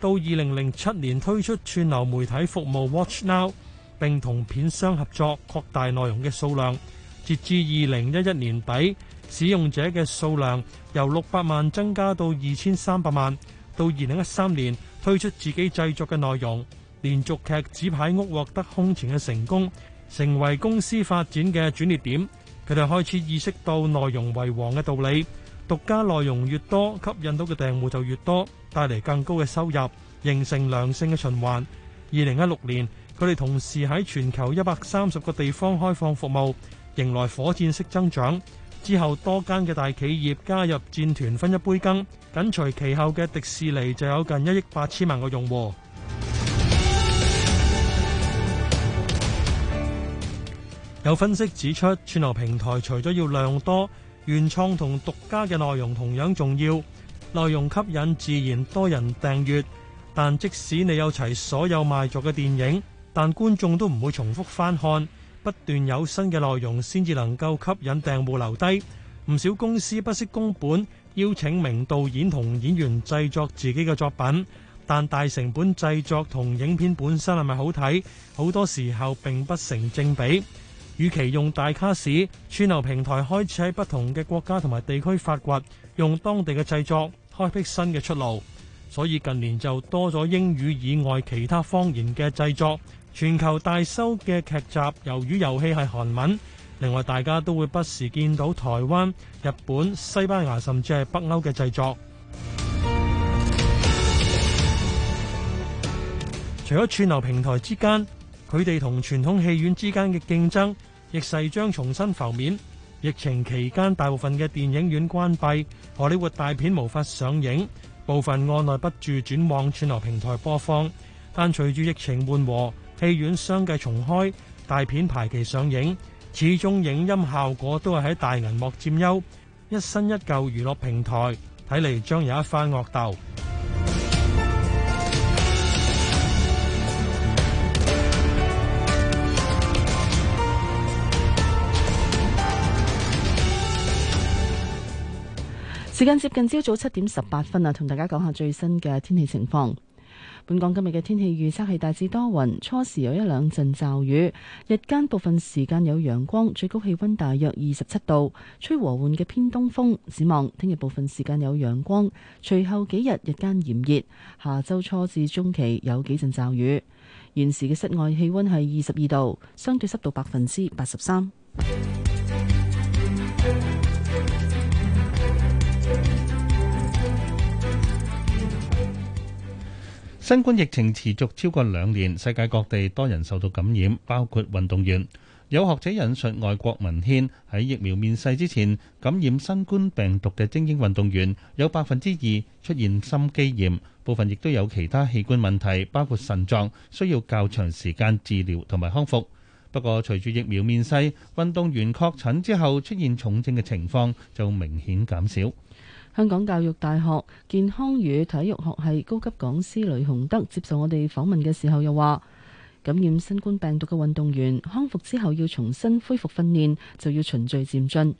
到二零零七年推出串流媒體服務 Watch Now，並同片商合作擴大內容嘅數量。截至二零一一年底，使用者嘅數量由六百萬增加到二千三百萬。到二零一三年推出自己製作嘅內容，連續劇《紙牌屋》獲得空前嘅成功，成為公司發展嘅轉捩點。佢哋開始意識到內容為王嘅道理。獨家內容越多，吸引到嘅訂戶就越多，帶嚟更高嘅收入，形成良性嘅循環。二零一六年，佢哋同時喺全球一百三十個地方開放服務，迎來火箭式增長。之後多間嘅大企業加入戰團，分一杯羹，緊隨其後嘅迪士尼就有近一億八千萬個用戶。有分析指出，串流平台除咗要量多。原創同獨家嘅內容同樣重要，內容吸引自然多人訂閱。但即使你有齊所有賣座嘅電影，但觀眾都唔會重複翻看。不斷有新嘅內容先至能夠吸引訂戶留低。唔少公司不惜工本邀請名導演同演員製作自己嘅作品，但大成本製作同影片本身係咪好睇，好多時候並不成正比。與其用大卡士，串流平台開始喺不同嘅國家同埋地區發掘，用當地嘅製作開闢新嘅出路，所以近年就多咗英語以外其他方言嘅製作。全球大收嘅劇集，由於遊戲係韓文，另外大家都會不時見到台灣、日本、西班牙甚至係北歐嘅製作。 [music] 除咗串流平台之間，佢哋同傳統戲院之間嘅競爭。亦勢將重新浮面，疫情期間大部分嘅電影院關閉，荷里活大片無法上映，部分按捺不住轉往串流平台播放。但隨住疫情緩和，戲院相繼重開，大片排期上映，始終影音效果都係喺大銀幕佔優。一新一舊娛樂平台，睇嚟將有一番惡鬥。時間接近朝早七點十八分啊，同大家講下最新嘅天氣情況。本港今日嘅天氣預測係大致多雲，初時有一兩陣驟雨，日間部分時間有陽光，最高氣温大約二十七度，吹和緩嘅偏東風。展望聽日部分時間有陽光，隨後幾日日間炎熱，下周初至中期有幾陣驟雨。現時嘅室外氣温係二十二度，相對濕度百分之八十三。新冠疫情持續超過兩年，世界各地多人受到感染，包括運動員。有學者引述外國文獻，喺疫苗面世之前，感染新冠病毒嘅精英運動員有百分之二出現心肌炎，部分亦都有其他器官問題，包括腎臟，需要較長時間治療同埋康復。不過，隨住疫苗面世，運動員確診之後出現重症嘅情況就明顯減少。香港教育大學健康與體育學系高級講師雷雄德接受我哋訪問嘅時候又話：感染新冠病毒嘅運動員康復之後要重新恢復訓練，就要循序漸進。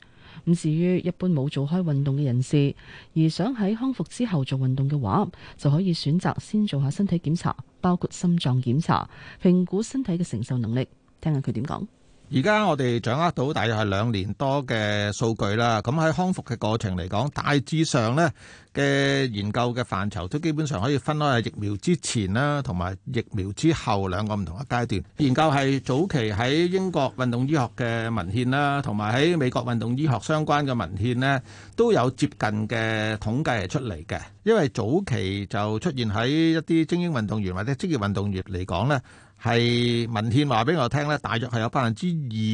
咁至於一般冇做開運動嘅人士，而想喺康復之後做運動嘅話，就可以選擇先做下身體檢查，包括心臟檢查，評估身體嘅承受能力。聽下佢點講。而家我哋掌握到大約係兩年多嘅數據啦，咁喺康復嘅過程嚟講，大致上呢嘅研究嘅範疇都基本上可以分開喺疫苗之前啦，同埋疫苗之後兩個唔同嘅階段。研究係早期喺英國運動醫學嘅文獻啦，同埋喺美國運動醫學相關嘅文獻呢，都有接近嘅統計係出嚟嘅。因為早期就出現喺一啲精英運動員或者職業運動員嚟講呢。係文獻話俾我聽咧，大約係有百分之二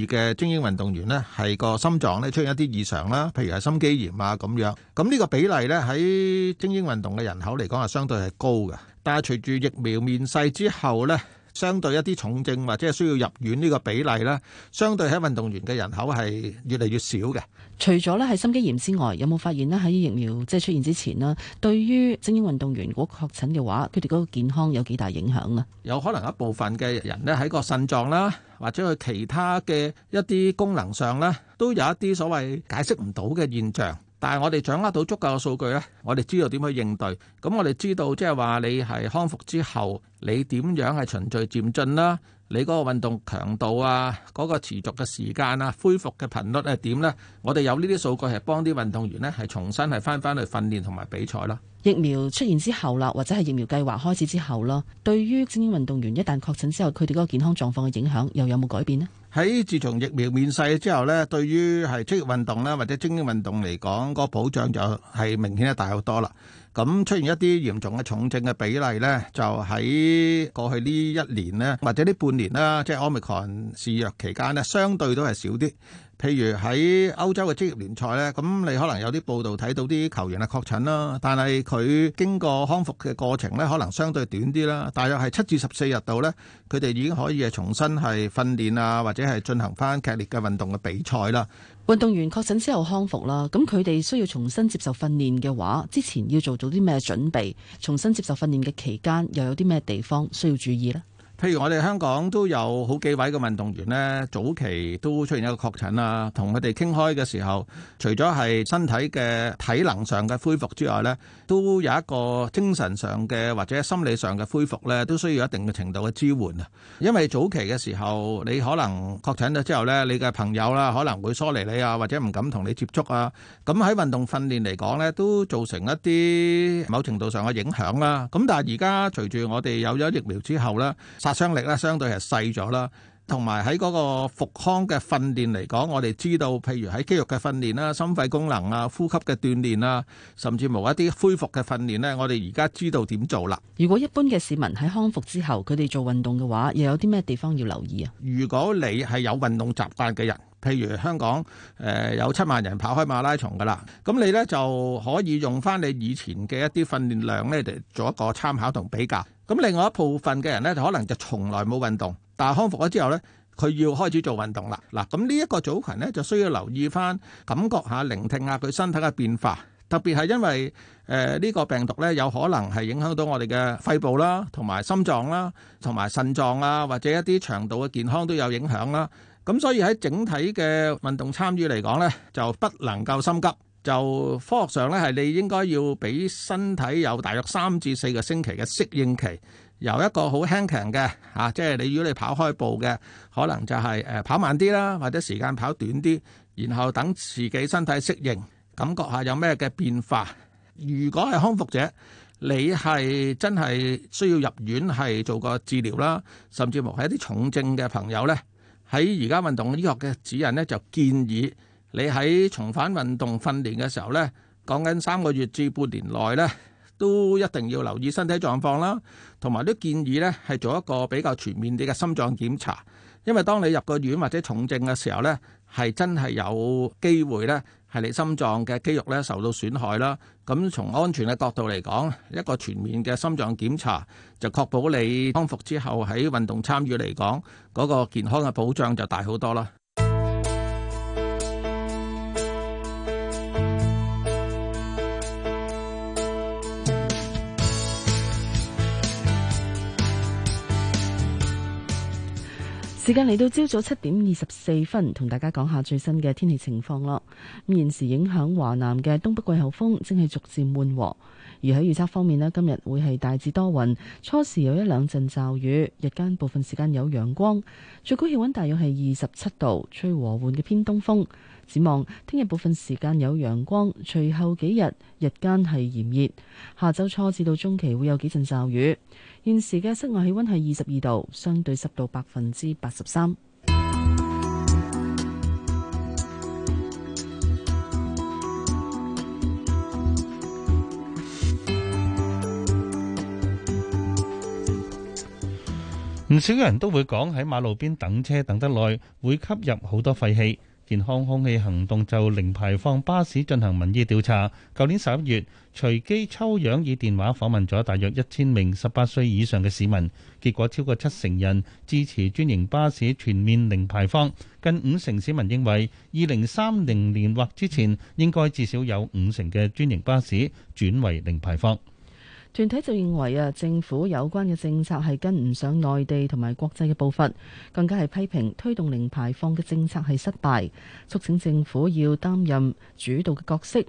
嘅精英運動員呢係個心臟咧出現一啲異常啦，譬如係心肌炎啊咁樣。咁、這、呢個比例呢，喺精英運動嘅人口嚟講係相對係高嘅，但係隨住疫苗面世之後呢。相對一啲重症或者係需要入院呢個比例咧，相對喺運動員嘅人口係越嚟越少嘅。除咗咧係心肌炎之外，有冇發現呢？喺疫苗即係出現之前啦，對於精英運動員如果確診嘅話，佢哋嗰個健康有幾大影響啊？有可能一部分嘅人咧喺個腎臟啦，或者佢其他嘅一啲功能上咧，都有一啲所謂解釋唔到嘅現象。但係我哋掌握到足夠嘅數據咧，我哋知道點去應對。咁我哋知道即係話你係康復之後，你點樣係循序漸進啦。你嗰個運動強度啊，嗰個持續嘅時間啊，恢復嘅頻率係點呢？我哋有呢啲數據係幫啲運動員呢，係重新係翻返去訓練同埋比賽啦。疫苗出現之後啦，或者係疫苗計劃開始之後啦，對於精英運動員一旦確診之後，佢哋嗰個健康狀況嘅影響又有冇改變呢？喺自從疫苗面世之後呢，對於係職業運動啦，或者精英運動嚟講，嗰個保障就係明顯咧大好多啦。咁出現一啲嚴重嘅重症嘅比例呢，就喺過去呢一年呢，或者呢半年啦，即係 Omicron 肆虐期間呢，相對都係少啲。譬如喺歐洲嘅職業聯賽呢，咁你可能有啲報導睇到啲球員嘅確診啦，但係佢經過康復嘅過程呢，可能相對短啲啦，大約係七至十四日度呢，佢哋已經可以重新係訓練啊，或者係進行翻劇烈嘅運動嘅比賽啦。運動員確診之後康復啦，咁佢哋需要重新接受訓練嘅話，之前要做到啲咩準備？重新接受訓練嘅期間又有啲咩地方需要注意呢？譬如我哋香港都有好幾位嘅運動員呢，早期都出現一個確診啊。同佢哋傾開嘅時候，除咗係身體嘅體能上嘅恢復之外呢，都有一個精神上嘅或者心理上嘅恢復呢，都需要一定嘅程度嘅支援啊。因為早期嘅時候，你可能確診咗之後呢，你嘅朋友啦可能會疏離你啊，或者唔敢同你接觸啊。咁喺運動訓練嚟講呢，都造成一啲某程度上嘅影響啦。咁但係而家隨住我哋有咗疫苗之後呢，殺傷力咧相對係細咗啦，同埋喺嗰個復康嘅訓練嚟講，我哋知道，譬如喺肌肉嘅訓練啦、心肺功能啊、呼吸嘅鍛鍊啊，甚至無一啲恢復嘅訓練呢，我哋而家知道點做啦。如果一般嘅市民喺康復之後，佢哋做運動嘅話，又有啲咩地方要留意啊？如果你係有運動習慣嘅人。譬如香港誒有七萬人跑開馬拉松噶啦，咁你呢就可以用翻你以前嘅一啲訓練量呢嚟做一個參考同比較。咁另外一部分嘅人呢，就可能就從來冇運動，但係康復咗之後呢，佢要開始做運動啦。嗱，咁呢一個組群呢，就需要留意翻，感覺下、聆聽下佢身體嘅變化。特別係因為誒呢、呃呢個病毒呢，有可能係影響到我哋嘅肺部啦，同埋心臟啦，同埋腎臟啊，或者一啲腸道嘅健康都有影響啦。咁所以喺整體嘅運動參與嚟講呢，就不能夠心急。就科學上呢，係你應該要俾身體有大約三至四個星期嘅適應期，由一個好輕強嘅嚇，即係你如果你跑開步嘅，可能就係誒跑慢啲啦，或者時間跑短啲，然後等自己身體適應，感覺下有咩嘅變化。如果係康復者，你係真係需要入院係做個治療啦，甚至乎係一啲重症嘅朋友呢。喺而家運動醫學嘅指引呢，就建議你喺重返運動訓練嘅時候呢，講緊三個月至半年內呢，都一定要留意身體狀況啦，同埋都建議呢，係做一個比較全面啲嘅心臟檢查，因為當你入個院或者重症嘅時候呢，係真係有機會呢。係你心臟嘅肌肉咧受到損害啦，咁從安全嘅角度嚟講，一個全面嘅心臟檢查就確保你康復之後喺運動參與嚟講，嗰個健康嘅保障就大好多啦。時間嚟到朝早七點二十四分，同大家講下最新嘅天氣情況咯，咁現時影響華南嘅東北季候風正係逐漸緩和，而喺預測方面呢，今日會係大致多雲，初時有一兩陣驟雨，日間部分時間有陽光，最高氣溫大約係二十七度，吹和緩嘅偏東風。展望聽日部分時間有陽光，隨後幾日日間係炎熱，下週初至到中期會有幾陣驟雨。現時嘅室外氣溫係二十二度，相對濕度百分之八十三。唔少人都會講，喺馬路邊等車等得耐，會吸入好多廢氣。健康空氣行動就零排放巴士進行民意調查。舊年十一月，隨機抽樣以電話訪問咗大約一千名十八歲以上嘅市民，結果超過七成人支持專營巴士全面零排放。近五成市民認為，二零三零年或之前應該至少有五成嘅專營巴士轉為零排放。團體就認為啊，政府有關嘅政策係跟唔上內地同埋國際嘅步伐，更加係批評推動零排放嘅政策係失敗，促請政府要擔任主導嘅角色，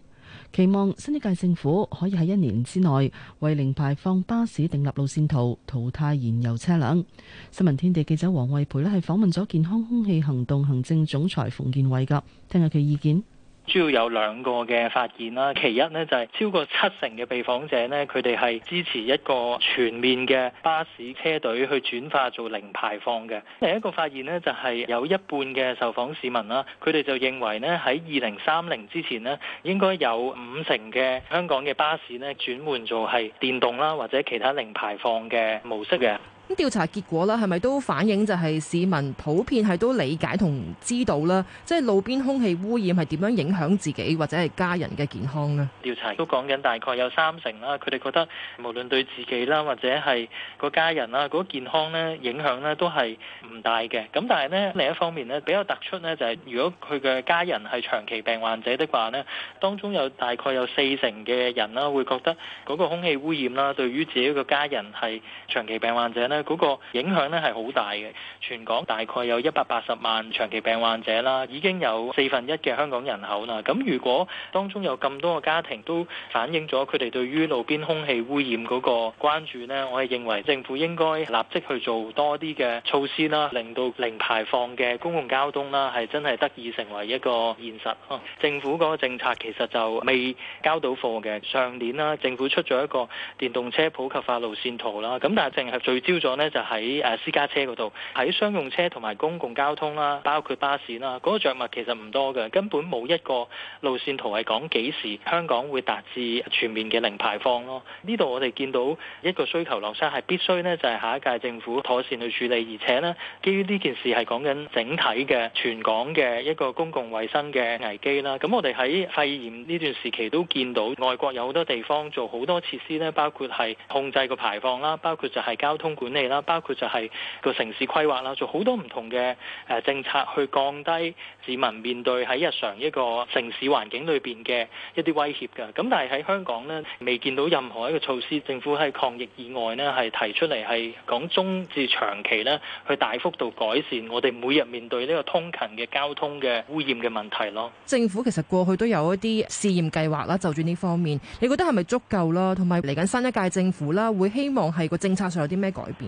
期望新一屆政府可以喺一年之內為零排放巴士訂立路線圖，淘汰燃油車輛。新聞天地記者黃惠培呢係訪問咗健康空氣行動行政總裁馮建偉㗎，聽下佢意見。主要有兩個嘅發現啦，其一呢，就係超過七成嘅被訪者呢，佢哋係支持一個全面嘅巴士車隊去轉化做零排放嘅。另一個發現呢，就係有一半嘅受訪市民啦，佢哋就認為呢，喺二零三零之前呢，應該有五成嘅香港嘅巴士呢轉換做係電動啦，或者其他零排放嘅模式嘅。咁調查結果啦，係咪都反映就係市民普遍係都理解同知道啦，即係路邊空氣污染係點樣影響自己或者係家人嘅健康咧？調查都講緊大概有三成啦，佢哋覺得無論對自己啦或者係個家人啦，個健康咧影響咧都係唔大嘅。咁但係咧另一方面咧比較突出咧就係、是、如果佢嘅家人係長期病患者的話咧，當中有大概有四成嘅人啦會覺得、嗰個空氣污染啦對於自己個家人係長期病患者咧。嗰個影響呢係好大嘅，全港大概有一百八十萬長期病患者啦，已經有四分一嘅香港人口啦。咁如果當中有咁多個家庭都反映咗佢哋對於路邊空氣污染嗰個關注呢，我係認為政府應該立即去做多啲嘅措施啦，令到零排放嘅公共交通啦係真係得以成為一個現實。啊，政府嗰個政策其實就未交到貨嘅。上年啦，政府出咗一個電動車普及化路線圖啦，咁但係淨係聚焦咗。我就喺誒私家車嗰度，喺商用車同埋公共交通啦，包括巴士啦，嗰、那個著墨其實唔多嘅，根本冇一個路線圖係講幾時香港會達至全面嘅零排放咯。呢度我哋見到一個需求落差，係必須呢，就係、是、下一屆政府妥善去處理，而且呢，基於呢件事係講緊整體嘅全港嘅一個公共衞生嘅危機啦。咁我哋喺肺炎呢段時期都見到外國有好多地方做好多設施咧，包括係控制個排放啦，包括就係交通管理。啦，包括就係個城市規劃啦，做好多唔同嘅誒政策去降低市民面對喺日常一個城市環境裏邊嘅一啲威脅㗎。咁但係喺香港呢，未見到任何一個措施，政府喺抗疫以外呢，係提出嚟係講中至長期呢，去大幅度改善我哋每日面對呢個通勤嘅交通嘅污染嘅問題咯。政府其實過去都有一啲試驗計劃啦，就住呢方面，你覺得係咪足夠啦？同埋嚟緊新一屆政府啦，會希望係個政策上有啲咩改變？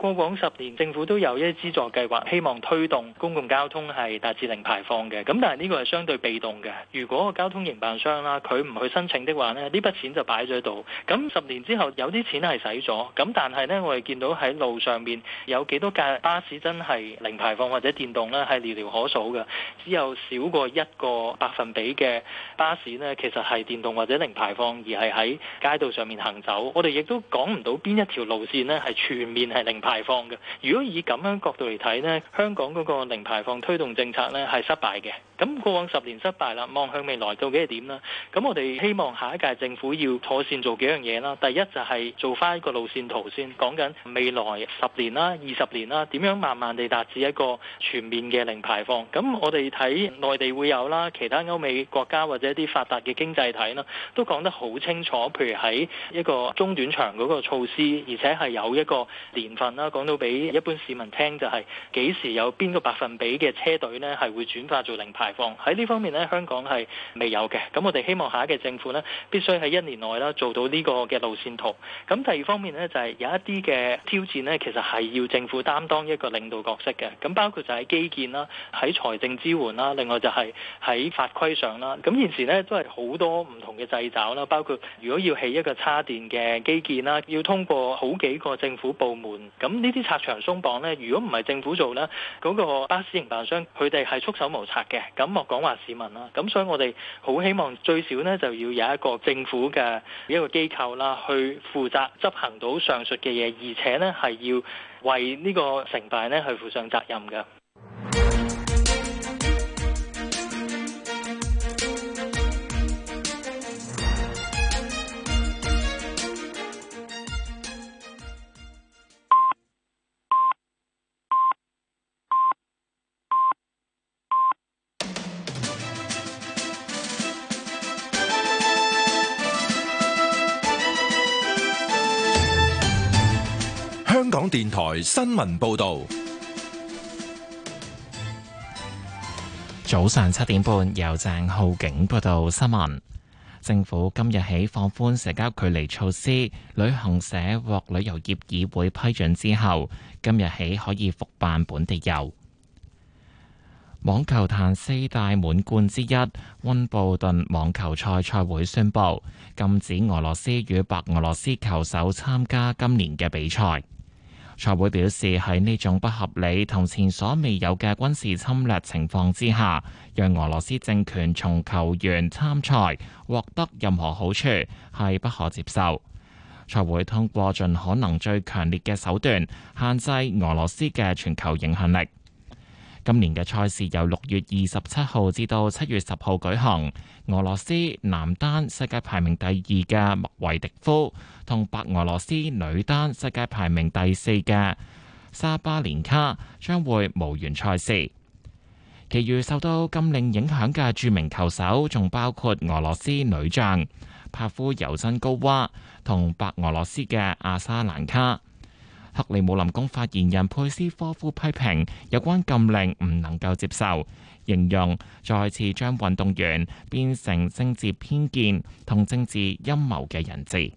過往十年政府都有一啲資助計劃，希望推動公共交通係達至零排放嘅。咁但係呢個係相對被動嘅。如果個交通營辦商啦，佢唔去申請的話呢，呢筆錢就擺咗喺度。咁十年之後有啲錢係使咗，咁但係呢，我哋見到喺路上面有幾多架巴士真係零排放或者電動呢係寥寥可數嘅，只有少過一個百分比嘅巴士呢，其實係電動或者零排放，而係喺街道上面行走。我哋亦都講唔到邊一條路線呢係全面係零排排放嘅，如果以咁樣角度嚟睇呢，香港嗰個零排放推動政策呢係失敗嘅。咁過往十年失敗啦，望向未來到底係點啦？咁我哋希望下一屆政府要妥善做幾樣嘢啦。第一就係做翻一個路線圖先，講緊未來十年啦、二十年啦，點樣慢慢地達至一個全面嘅零排放。咁我哋睇內地會有啦，其他歐美國家或者一啲發達嘅經濟體啦，都講得好清楚。譬如喺一個中短長嗰個措施，而且係有一個年份。啦，講到俾一般市民聽，就是，就係幾時有邊個百分比嘅車隊呢係會轉化做零排放？喺呢方面呢，香港係未有嘅。咁我哋希望下一嘅政府呢，必須喺一年內啦做到呢個嘅路線圖。咁第二方面呢，就係、是、有一啲嘅挑戰呢，其實係要政府擔當一個領導角色嘅。咁包括就係基建啦，喺財政支援啦，另外就係喺法規上啦。咁現時呢，都係好多唔同嘅掣肘啦，包括如果要起一個叉電嘅基建啦，要通過好幾個政府部門咁。咁呢啲拆牆鬆綁呢，如果唔係政府做咧，嗰個巴士營辦商佢哋係束手無策嘅。咁莫講話市民啦。咁所以我哋好希望最少呢就要有一個政府嘅一個機構啦，去負責執行到上述嘅嘢，而且呢係要為呢個成敗呢去負上責任嘅。電台新聞報道，早上七點半由鄭浩景報道新聞。政府今日起放寬社交距離措施，旅行社獲旅遊業議會批准之後，今日起可以復辦本地遊。網球壇四大滿貫之一溫布頓網球賽賽會宣布禁止俄羅斯與白俄羅斯球手參加今年嘅比賽。賽會表示，喺呢種不合理同前所未有嘅軍事侵略情況之下，讓俄羅斯政權從球員參賽獲得任何好處係不可接受。賽會通過盡可能最強烈嘅手段，限制俄羅斯嘅全球影響力。今年嘅賽事由六月二十七號至到七月十號舉行。俄羅斯男單世界排名第二嘅麥維迪夫同白俄羅斯女單世界排名第四嘅沙巴連卡將會無緣賽事。其餘受到禁令影響嘅著名球手，仲包括俄羅斯女將帕夫尤真高娃同白俄羅斯嘅阿沙蘭卡。克里姆林宮發言人佩斯科夫批評有關禁令唔能夠接受，形容再次將運動員變成政治偏見同政治陰謀嘅人質。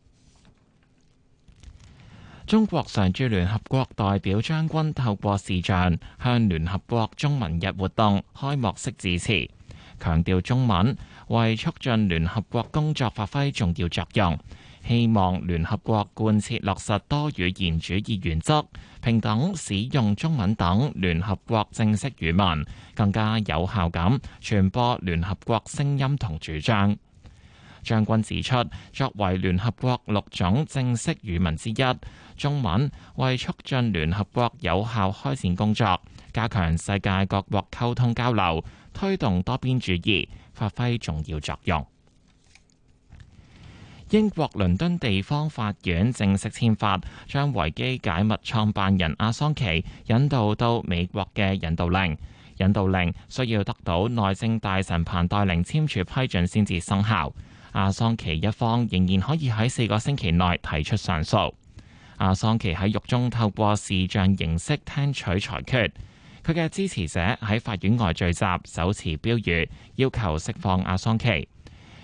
中國常駐聯合國代表張軍透過視像向聯合國中文日活動開幕式致辭，強調中文為促進聯合國工作發揮重要作用。希望聯合國貫徹落實多語言主義原則，平等使用中文等聯合國正式語文，更加有效咁傳播聯合國聲音同主張。張軍指出，作為聯合國六種正式語文之一，中文為促進聯合國有效開展工作、加強世界各國溝通交流、推動多邊主義發揮重要作用。英國倫敦地方法院正式簽發將維基解密創辦人阿桑奇引渡到美國嘅引渡令。引渡令需要得到內政大臣彭黛玲簽署批准先至生效。阿桑奇一方仍然可以喺四個星期內提出上訴。阿桑奇喺獄中透過視像形式聽取裁決。佢嘅支持者喺法院外聚集，手持標語要求釋放阿桑奇。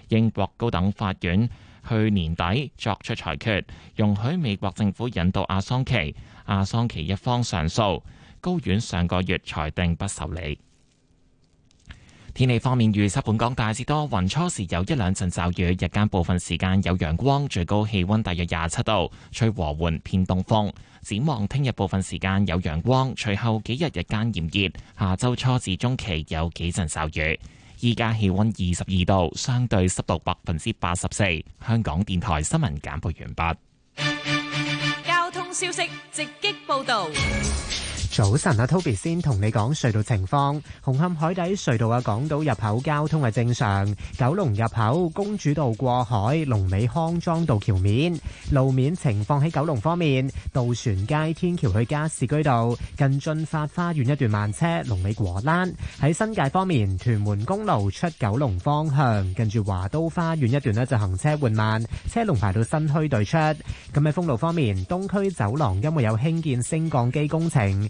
英國高等法院，去年底作出裁決，容許美國政府引渡阿桑奇。阿桑奇一方上訴，高院上個月裁定不受理。天氣方面，預測本港大致多雲，初時有一兩陣驟雨，日間部分時間有陽光，最高氣溫大約廿七度，吹和緩偏東風。展望聽日部分時間有陽光，隨後幾日日間炎熱，下周初至中期有幾陣驟雨。依家氣温二十二度，相對濕度百分之八十四。香港電台新聞簡報完畢。交通消息直擊報道。早晨啊，Toby 先同你講隧道情況。紅磡海底隧道嘅港島入口交通係正常。九龍入口公主道過海、龍尾康莊道橋面路面情況喺九龍方面，渡船街天橋去加士居道近駿發花園一段慢車，龍尾果欄。喺新界方面，屯門公路出九龍方向，近住華都花園一段呢就行車緩慢，車龍排到新墟對出。咁喺封路方面，東區走廊因為有興建升降機工程。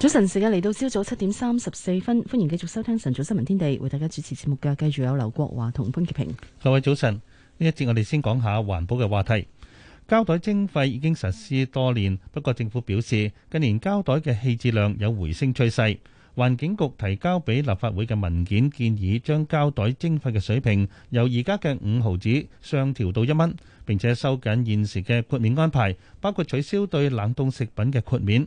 早晨時間嚟到，朝早七點三十四分，歡迎繼續收聽晨早新聞天地。為大家主持節目嘅，繼續有劉國華同潘潔平。各位早晨，呢一節我哋先講下環保嘅話題。膠袋徵費已經實施多年，不過政府表示，近年膠袋嘅棄置量有回升趨勢。環境局提交俾立法會嘅文件建議，將膠袋徵費嘅水平由而家嘅五毫子上調到一蚊，並且收緊現時嘅豁免安排，包括取消對冷凍食品嘅豁免。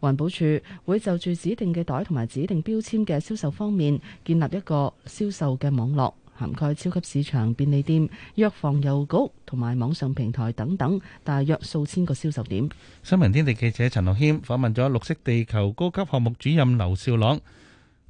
環保署會就住指定嘅袋同埋指定標籤嘅銷售方面，建立一個銷售嘅網絡，涵蓋超級市場、便利店、藥房、郵局同埋網上平台等等，大約數千個銷售點。新聞天地記者陳樂謙訪問咗綠色地球高級項目主任劉少朗，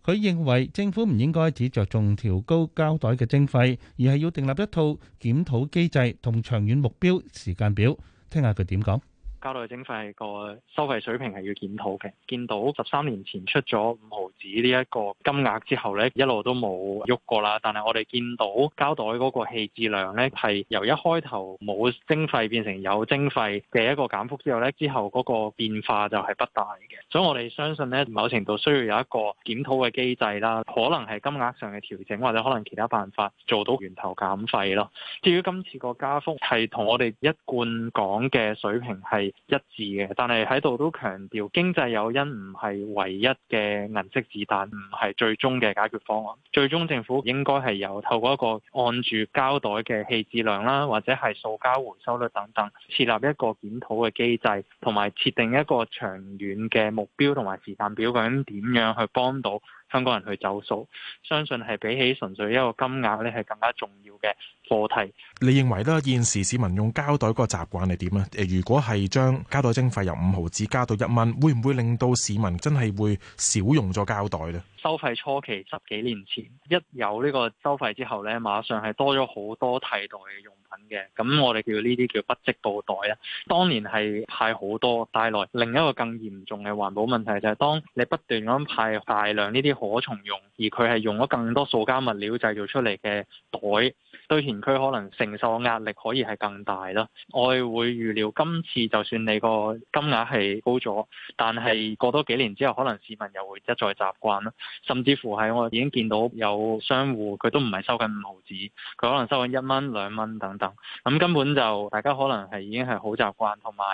佢認為政府唔應該只着重調高膠袋嘅徵費，而係要訂立一套檢討機制同長遠目標時間表。聽下佢點講。膠袋徵費個收費水平係要檢討嘅。見到十三年前出咗五毫子呢一個金額之後呢一路都冇喐過啦。但係我哋見到膠袋嗰個棄置量呢，係由一開頭冇徵費變成有徵費嘅一個減幅之後呢之後嗰個變化就係不大嘅。所以我哋相信呢，某程度需要有一個檢討嘅機制啦，可能係金額上嘅調整，或者可能其他辦法做到源頭減費咯。至於今次個加幅係同我哋一貫講嘅水平係。一致嘅，但係喺度都強調經濟誘因唔係唯一嘅銀色子彈，唔係最終嘅解決方案。最終政府應該係有透過一個按住膠袋嘅棄置量啦，或者係塑膠回收率等等，設立一個檢討嘅機制，同埋設定一個長遠嘅目標同埋時間表，究竟點樣去幫到香港人去走數，相信係比起純粹一個金額咧，係更加重要嘅課題。你認為咧，現時市民用膠袋嗰個習慣係點咧？誒，如果係將膠袋徵費由五毫紙加到一蚊，會唔會令到市民真係會少用咗膠袋呢？收費初期十幾年前，一有呢個收費之後呢，馬上係多咗好多替代嘅用。咁我哋叫呢啲叫不織布袋啦、啊，當年係派好多，帶來另一個更嚴重嘅環保問題就係，當你不斷咁派大量呢啲可重用，而佢係用咗更多塑膠物料製造出嚟嘅袋，堆填區可能承受壓力可以係更大啦。我哋會預料今次就算你個金額係高咗，但係過多幾年之後，可能市民又會一再習慣啦。甚至乎喺我已經見到有商戶佢都唔係收緊五毫子，佢可能收緊一蚊、兩蚊等，等。咁根本就大家可能係已經係好習慣，同埋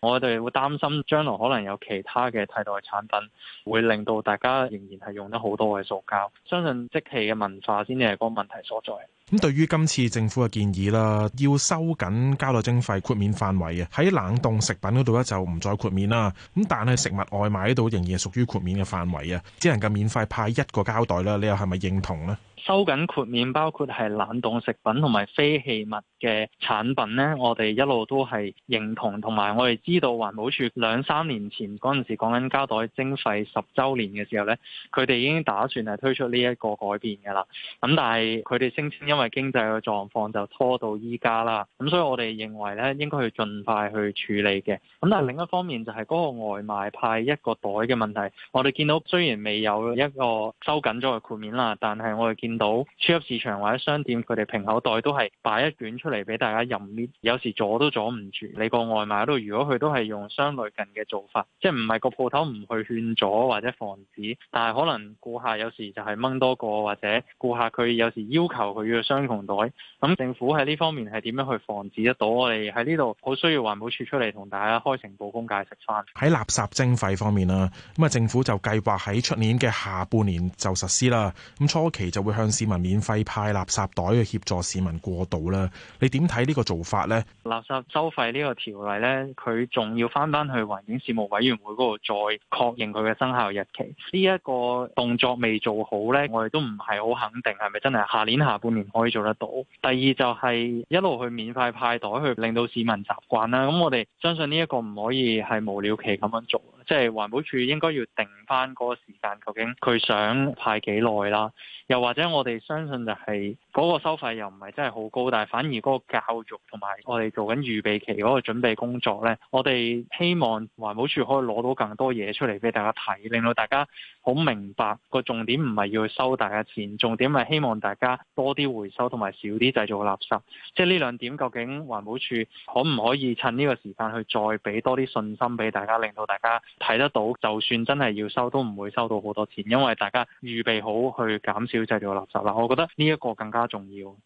我哋會擔心將來可能有其他嘅替代產品，會令到大家仍然係用得好多嘅塑膠。相信即棄嘅文化先至係個問題所在。咁對於今次政府嘅建議啦，要收緊膠袋徵費豁免範圍嘅，喺冷凍食品嗰度咧就唔再豁免啦。咁但係食物外賣呢度仍然係屬於豁免嘅範圍啊，只能夠免費派一個膠袋啦。你又係咪認同呢？收緊豁免，包括係冷凍食品同埋非棄物嘅產品呢，我哋一路都係認同，同埋我哋知道環保署兩三年前嗰陣時講緊膠袋徵費十週年嘅時候呢，佢哋已經打算係推出呢一個改變嘅啦。咁但係佢哋聲稱因為經濟嘅狀況就拖到依家啦。咁所以我哋認為呢，應該去盡快去處理嘅。咁但係另一方面就係嗰個外賣派一個袋嘅問題，我哋見到雖然未有一個收緊咗嘅豁免啦，但係我哋見到超級市場或者商店，佢哋瓶口袋都係擺一卷出嚟俾大家任拎，有時阻都阻唔住。你個外賣度，如果佢都係用相類近嘅做法，即係唔係個鋪頭唔去勸阻或者防止，但係可能顧客有時就係掹多個或者顧客佢有時要求佢要雙重袋。咁政府喺呢方面係點樣去防止得到？我哋喺呢度好需要環保署出嚟同大家開誠佈公解釋翻。喺垃圾徵費方面啦，咁啊政府就計劃喺出年嘅下半年就實施啦。咁初期就會向市民免費派垃圾袋去協助市民過渡啦，你點睇呢個做法呢？垃圾收費呢個條例呢，佢仲要返返去環境事務委員會嗰度再確認佢嘅生效日期。呢一個動作未做好呢，我哋都唔係好肯定係咪真係下年下半年可以做得到。第二就係一路去免費派袋去令到市民習慣啦。咁我哋相信呢一個唔可以係無了期咁樣做。即係環保署應該要定翻嗰個時間，究竟佢想派幾耐啦？又或者我哋相信就係、是。嗰個收費又唔係真係好高，但係反而嗰個教育同埋我哋做緊預備期嗰個準備工作呢，我哋希望環保署可以攞到更多嘢出嚟俾大家睇，令到大家好明白個重點唔係要收大家錢，重點係希望大家多啲回收同埋少啲製造垃圾。即係呢兩點，究竟環保署可唔可以趁呢個時間去再俾多啲信心俾大家，令到大家睇得到，就算真係要收都唔會收到好多錢，因為大家預備好去減少製造垃圾啦。我覺得呢一個更加。重要。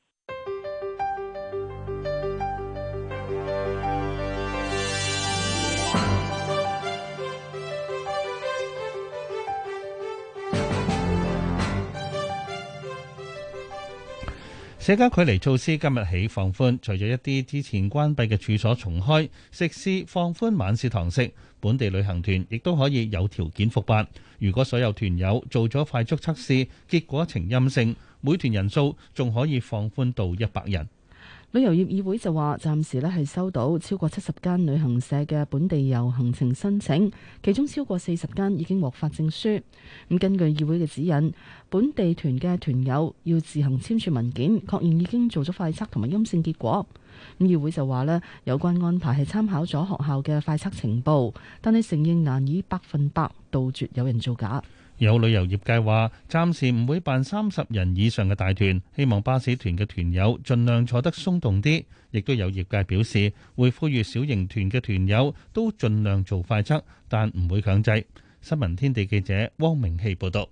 社交距離措施今日起放寬，除咗一啲之前關閉嘅處所重開，食肆放寬晚市堂食，本地旅行團亦都可以有條件復辦。如果所有團友做咗快速測試，結果呈陰性，每團人數仲可以放寬到一百人。旅遊業議會就話，暫時咧係收到超過七十間旅行社嘅本地遊行程申請，其中超過四十間已經獲發證書。咁根據議會嘅指引，本地團嘅團友要自行簽署文件，確認已經做咗快測同埋陰性結果。咁議會就話咧，有關安排係參考咗學校嘅快測情報，但係承認難以百分百杜絕有人造假。有旅遊業界話暫時唔會辦三十人以上嘅大團，希望巴士團嘅團友盡量坐得鬆動啲。亦都有業界表示會呼籲小型團嘅團友都盡量做快測，但唔會強制。新聞天地記者汪明希報道。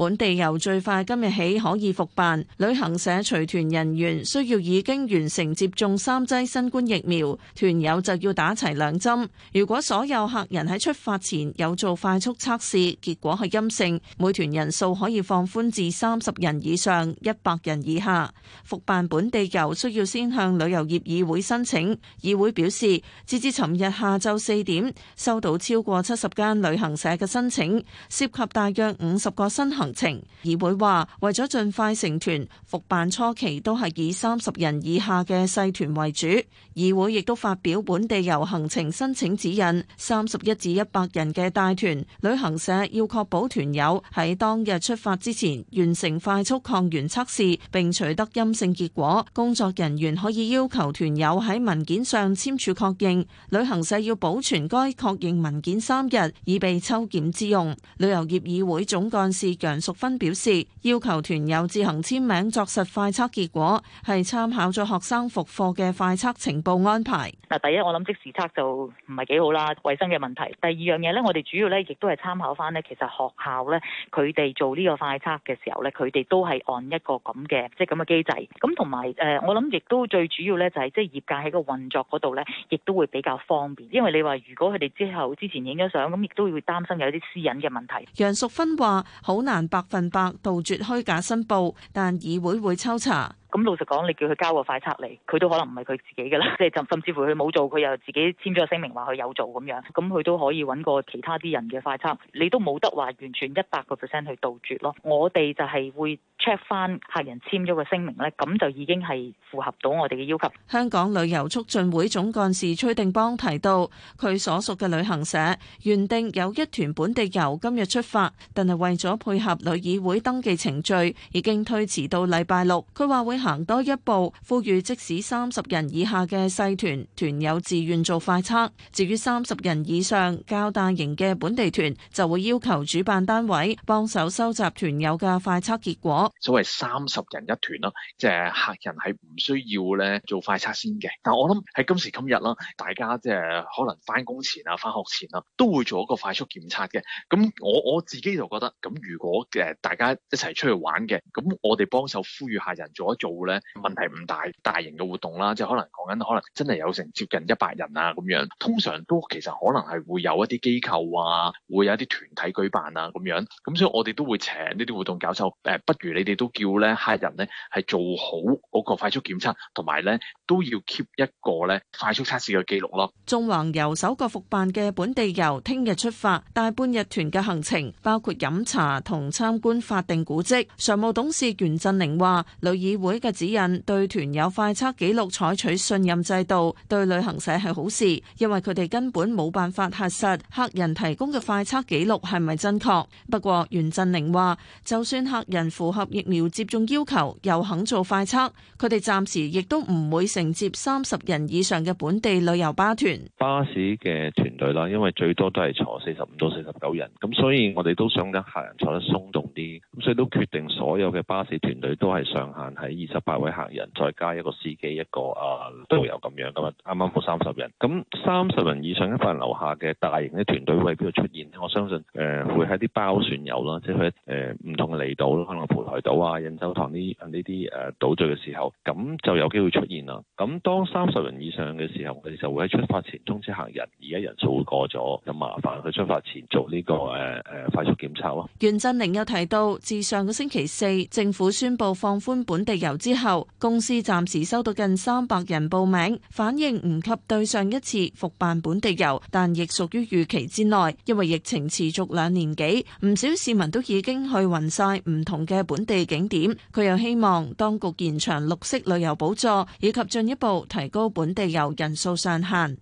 本地遊最快今日起可以復辦，旅行社隨團人員需要已經完成接種三劑新冠疫苗，團友就要打齊兩針，如果所有客人喺出發前有做快速測試，結果係陰性，每團人數可以放寬至三十人以上、一百人以下。復辦本地遊需要先向旅遊業議會申請。議會表示，截至尋日下晝四點收到超過七十間旅行社嘅申請，涉及大約五十個新行。情議會話，為咗盡快成團，復辦初期都係以三十人以下嘅細團為主。議會亦都發表本地遊行程申請指引，三十一至一百人嘅大團，旅行社要確保團友喺當日出發之前完成快速抗原測試，並取得陰性結果。工作人員可以要求團友喺文件上簽署確認，旅行社要保存該確認文件三日，以備抽檢之用。旅遊業議會總幹事強。楊淑芬表示，要求團友自行簽名作實快測結果，係參考咗學生復課嘅快測情報安排。嗱，第一我諗即時測就唔係幾好啦，衛生嘅問題。第二樣嘢咧，我哋主要咧亦都係參考翻咧，其實學校咧佢哋做呢個快測嘅時候咧，佢哋都係按一個咁嘅即係咁嘅機制。咁同埋誒，我諗亦都最主要咧就係即係業界喺個運作嗰度咧，亦都會比較方便。因為你話如果佢哋之後之前影咗相，咁亦都會擔心有啲私隱嘅問題。楊淑芬話：好難。百分百杜絕虛假申報，但議會會抽查。咁老實講，你叫佢交個快測嚟，佢都可能唔係佢自己㗎啦，即係甚甚至乎佢冇做，佢又自己簽咗個聲明話佢有做咁樣，咁佢都可以揾個其他啲人嘅快測，你都冇得話完全一百個 percent 去杜絕咯。我哋就係會 check 返客人簽咗個聲明呢，咁就已經係符合到我哋嘅要求。香港旅遊促進會總幹事崔定邦提到，佢所屬嘅旅行社原定有一團本地遊今日出發，但係為咗配合旅議會登記程序，已經推遲到禮拜六。佢話會。行多一步，呼籲即使三十人以下嘅細團團友自願做快測，至於三十人以上較大型嘅本地團就會要求主辦單位幫手收集團友嘅快測結果。所謂三十人一團咯，即係客人係唔需要咧做快測先嘅。但我諗喺今時今日啦，大家即係可能翻工前啊、翻學前啦，都會做一個快速檢測嘅。咁我我自己就覺得，咁如果誒大家一齊出去玩嘅，咁我哋幫手呼籲客人做一做。咧問題唔大，大型嘅活動啦，即係可能講緊可能真係有成接近一百人啊咁樣，通常都其實可能係會有一啲機構啊，會有一啲團體舉辦啊咁樣，咁所以我哋都會請呢啲活動搞手，誒不如你哋都叫咧客人咧係做好嗰個快速檢測，同埋咧都要 keep 一個咧快速測試嘅記錄咯。中橫遊首個復辦嘅本地遊聽日出發，大半日團嘅行程包括飲茶同參觀法定古蹟。常務董事袁振寧話：旅議會嘅指引對團友快測記錄採取信任制度，對旅行社係好事，因為佢哋根本冇辦法核實客人提供嘅快測記錄係咪真確。不過袁振寧話，就算客人符合疫苗接種要求又肯做快測，佢哋暫時亦都唔會承接三十人以上嘅本地旅遊巴團巴士嘅團隊啦，因為最多都係坐四十五到四十九人，咁所以我哋都想等客人坐得鬆動啲，咁所以都決定所有嘅巴士團隊都係上限喺二十八位客人，再加一個司機，一個啊導遊咁樣噶嘛，啱啱好三十人。咁三十人以上一班留下嘅大型咧團隊會邊度出現？我相信誒會喺啲包船遊咯，即係誒唔同嘅離島咯，可能蒲台島啊、印洲塘呢呢啲誒島嶼嘅時候，咁就有機會出現啦。咁當三十人以上嘅時候，佢哋就會喺出發前通知客人，而家人數會過咗，就麻煩佢出發前做呢個誒誒快速檢測咯。袁振寧又提到，自上個星期四政府宣布放寬本地遊。之後，公司暫時收到近三百人報名，反應唔及對上一次復辦本地遊，但亦屬於預期之內，因為疫情持續兩年幾，唔少市民都已經去暈晒唔同嘅本地景點。佢又希望當局延長綠色旅遊補助，以及進一步提高本地遊人數上限。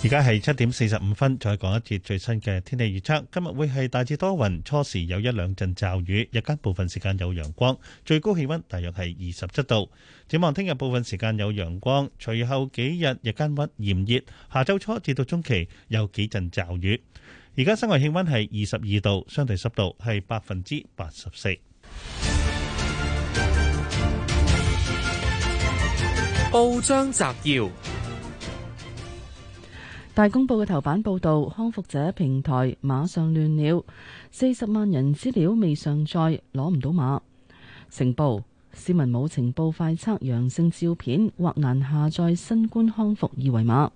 而家係七點四十五分，再講一節最新嘅天氣預測。今日會係大致多雲，初時有一兩陣驟雨，日間部分時間有陽光，最高氣溫大約係二十七度。展望聽日部分時間有陽光，隨後幾日日間溫炎熱，下周初至到中期有幾陣驟雨。而家室外氣溫係二十二度，相對濕度係百分之八十四。報章摘要。大公報嘅頭版報導，康復者平台馬上亂了，四十萬人資料未上載，攞唔到碼。成報，市民冇情報快測陽性照片，或難下載新冠康復二維碼。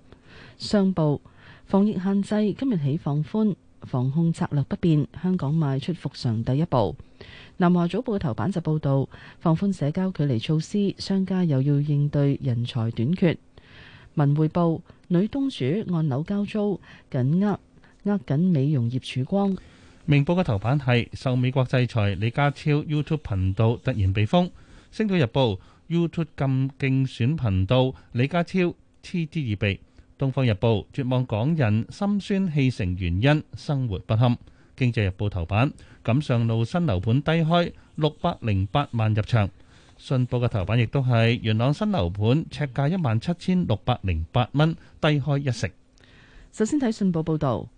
商報，防疫限制今日起放寬，防控策略不變，香港邁出復常第一步。南華早報嘅頭版就報導，放寬社交距離措施，商家又要應對人才短缺。文匯報：女東主按樓交租，緊握握緊美容業曙光。明報嘅頭版係受美國制裁，李家超 YouTube 頻道突然被封。星島日報：YouTube 禁競選頻道，李家超嗤之以鼻。東方日報：絕望港人心酸氣成原因，生活不堪。經濟日報頭版：錦上路新樓盤低開六百零八萬入場。信報嘅頭版亦都係元朗新樓盤，尺價一萬七千六百零八蚊，低開一成。首先睇信報報導，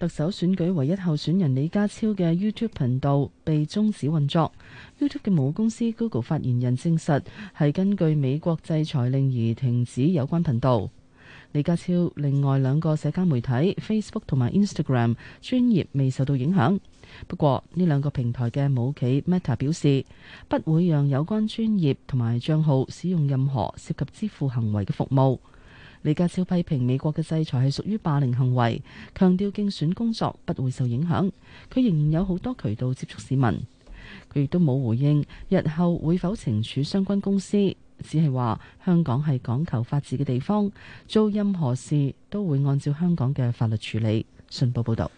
特首選舉唯一候選人李家超嘅 YouTube 頻道被終止運作。YouTube 嘅母公司 Google 發言人證實係根據美國制裁令而停止有關頻道。李家超另外兩個社交媒體 Facebook 同埋 Instagram 專業未受到影響。不過，呢兩個平台嘅母企 Meta 表示不會讓有關專業同埋帳號使用任何涉及支付行為嘅服務。李家超批評美國嘅制裁係屬於霸凌行為，強調競選工作不會受影響。佢仍然有好多渠道接觸市民，佢亦都冇回應日後會否懲處相關公司，只係話香港係講求法治嘅地方，做任何事都會按照香港嘅法律處理。信報報道。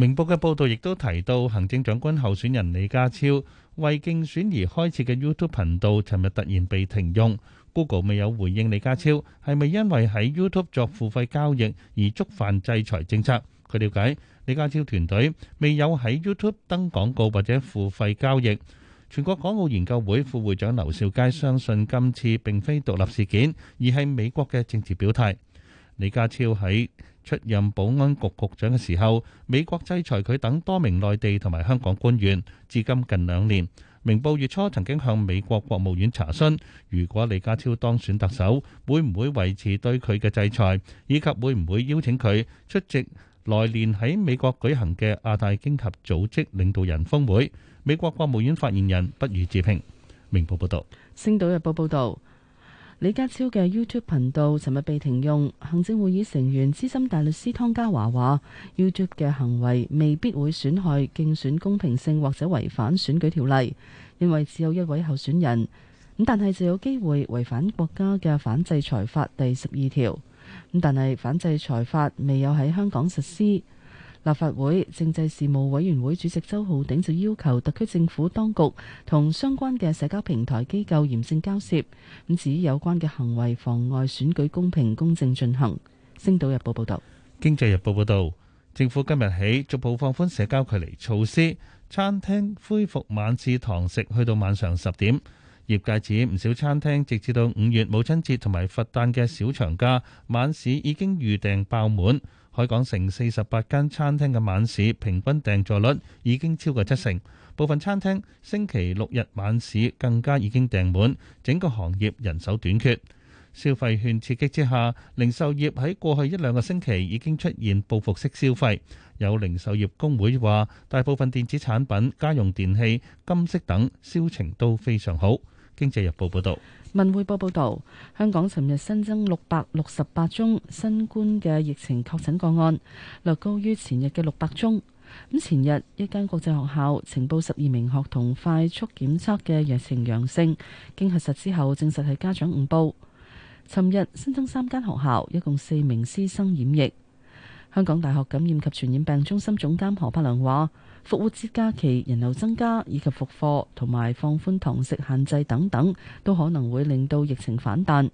明報嘅報導亦都提到，行政長官候選人李家超為競選而開設嘅 YouTube 頻道，尋日突然被停用。Google 未有回應李家超係咪因為喺 YouTube 作付費交易而觸犯制裁政策。據了解李家超團隊未有喺 YouTube 登廣告或者付費交易。全國港澳研究會副會長劉兆佳相信，今次並非獨立事件，而係美國嘅政治表態。李家超喺出任保安局局長嘅時候，美國制裁佢等多名內地同埋香港官員，至今近兩年。明報月初曾經向美國國務院查詢，如果李家超當選特首，會唔會維持對佢嘅制裁，以及會唔會邀請佢出席來年喺美國舉行嘅亞太經合組織領導人峰會？美國國務院發言人不予置評。明報報道。星島日報報道。李家超嘅 YouTube 頻道尋日被停用，行政會議成員資深大律師湯家驊話 [music] ：YouTube 嘅行為未必會損害競選公平性或者違反選舉條例，因為只有一位候選人，咁但係就有機會違反國家嘅反制裁法第十二條，咁但係反制裁法未有喺香港實施。立法會政制事務委員會主席周浩鼎就要求特區政府當局同相關嘅社交平台機構嚴正交涉，咁至於有關嘅行為妨礙選舉公平公正進行。《星島日報》報道。《經濟日報》報道，政府今日起逐步放寬社交距離措施，餐廳恢復晚市堂食，去到晚上十點。業界指唔少餐廳直至到五月母親節同埋佛誕嘅小長假晚市已經預訂爆滿。海港城四十八間餐廳嘅晚市平均訂座率已經超過七成，部分餐廳星期六日晚市更加已經訂滿，整個行業人手短缺。消費券刺激之下，零售業喺過去一兩個星期已經出現報復式消費。有零售業工會話，大部分電子產品、家用電器、金飾等銷情都非常好。經濟日報報導。文匯報報道，香港尋日新增六百六十八宗新冠嘅疫情確診個案，略高於前日嘅六百宗。咁前日一間國際學校呈報十二名學童快速檢測嘅疫情陽性，經核實之後證實係家長誤報。尋日新增三間學校，一共四名師生染疫。香港大學感染及傳染病中心總監何柏良話。復活節假期人流增加，以及復課同埋放寬堂食限制等等，都可能會令到疫情反彈。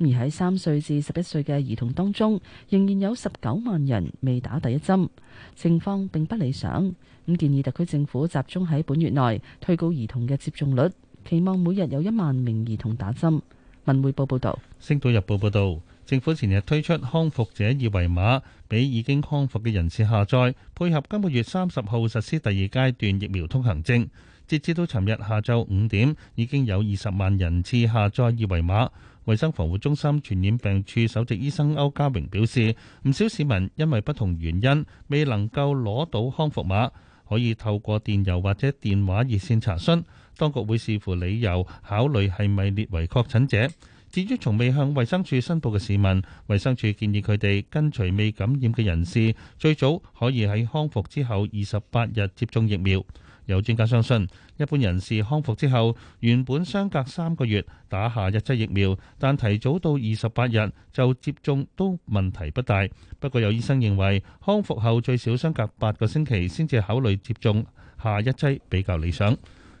而喺三歲至十一歲嘅兒童當中，仍然有十九萬人未打第一針，情況並不理想。咁建議特區政府集中喺本月內推高兒童嘅接種率，期望每日有一萬名兒童打針。文匯報報道，星島日報報道。政府前日推出康復者二維碼，俾已經康復嘅人士下載，配合今個月三十號實施第二階段疫苗通行證。截至到尋日下晝五點，已經有二十萬人次下載二維碼。衞生防護中心傳染病處首席醫生歐家榮表示，唔少市民因為不同原因未能夠攞到康復碼，可以透過電郵或者電話熱線查詢，當局會視乎理由考慮係咪列為確診者。至於從未向衛生署申報嘅市民，衛生署建議佢哋跟隨未感染嘅人士，最早可以喺康復之後二十八日接種疫苗。有專家相信，一般人士康復之後，原本相隔三個月打下一劑疫苗，但提早到二十八日就接種都問題不大。不過有醫生認為，康復後最少相隔八個星期先至考慮接種下一劑比較理想。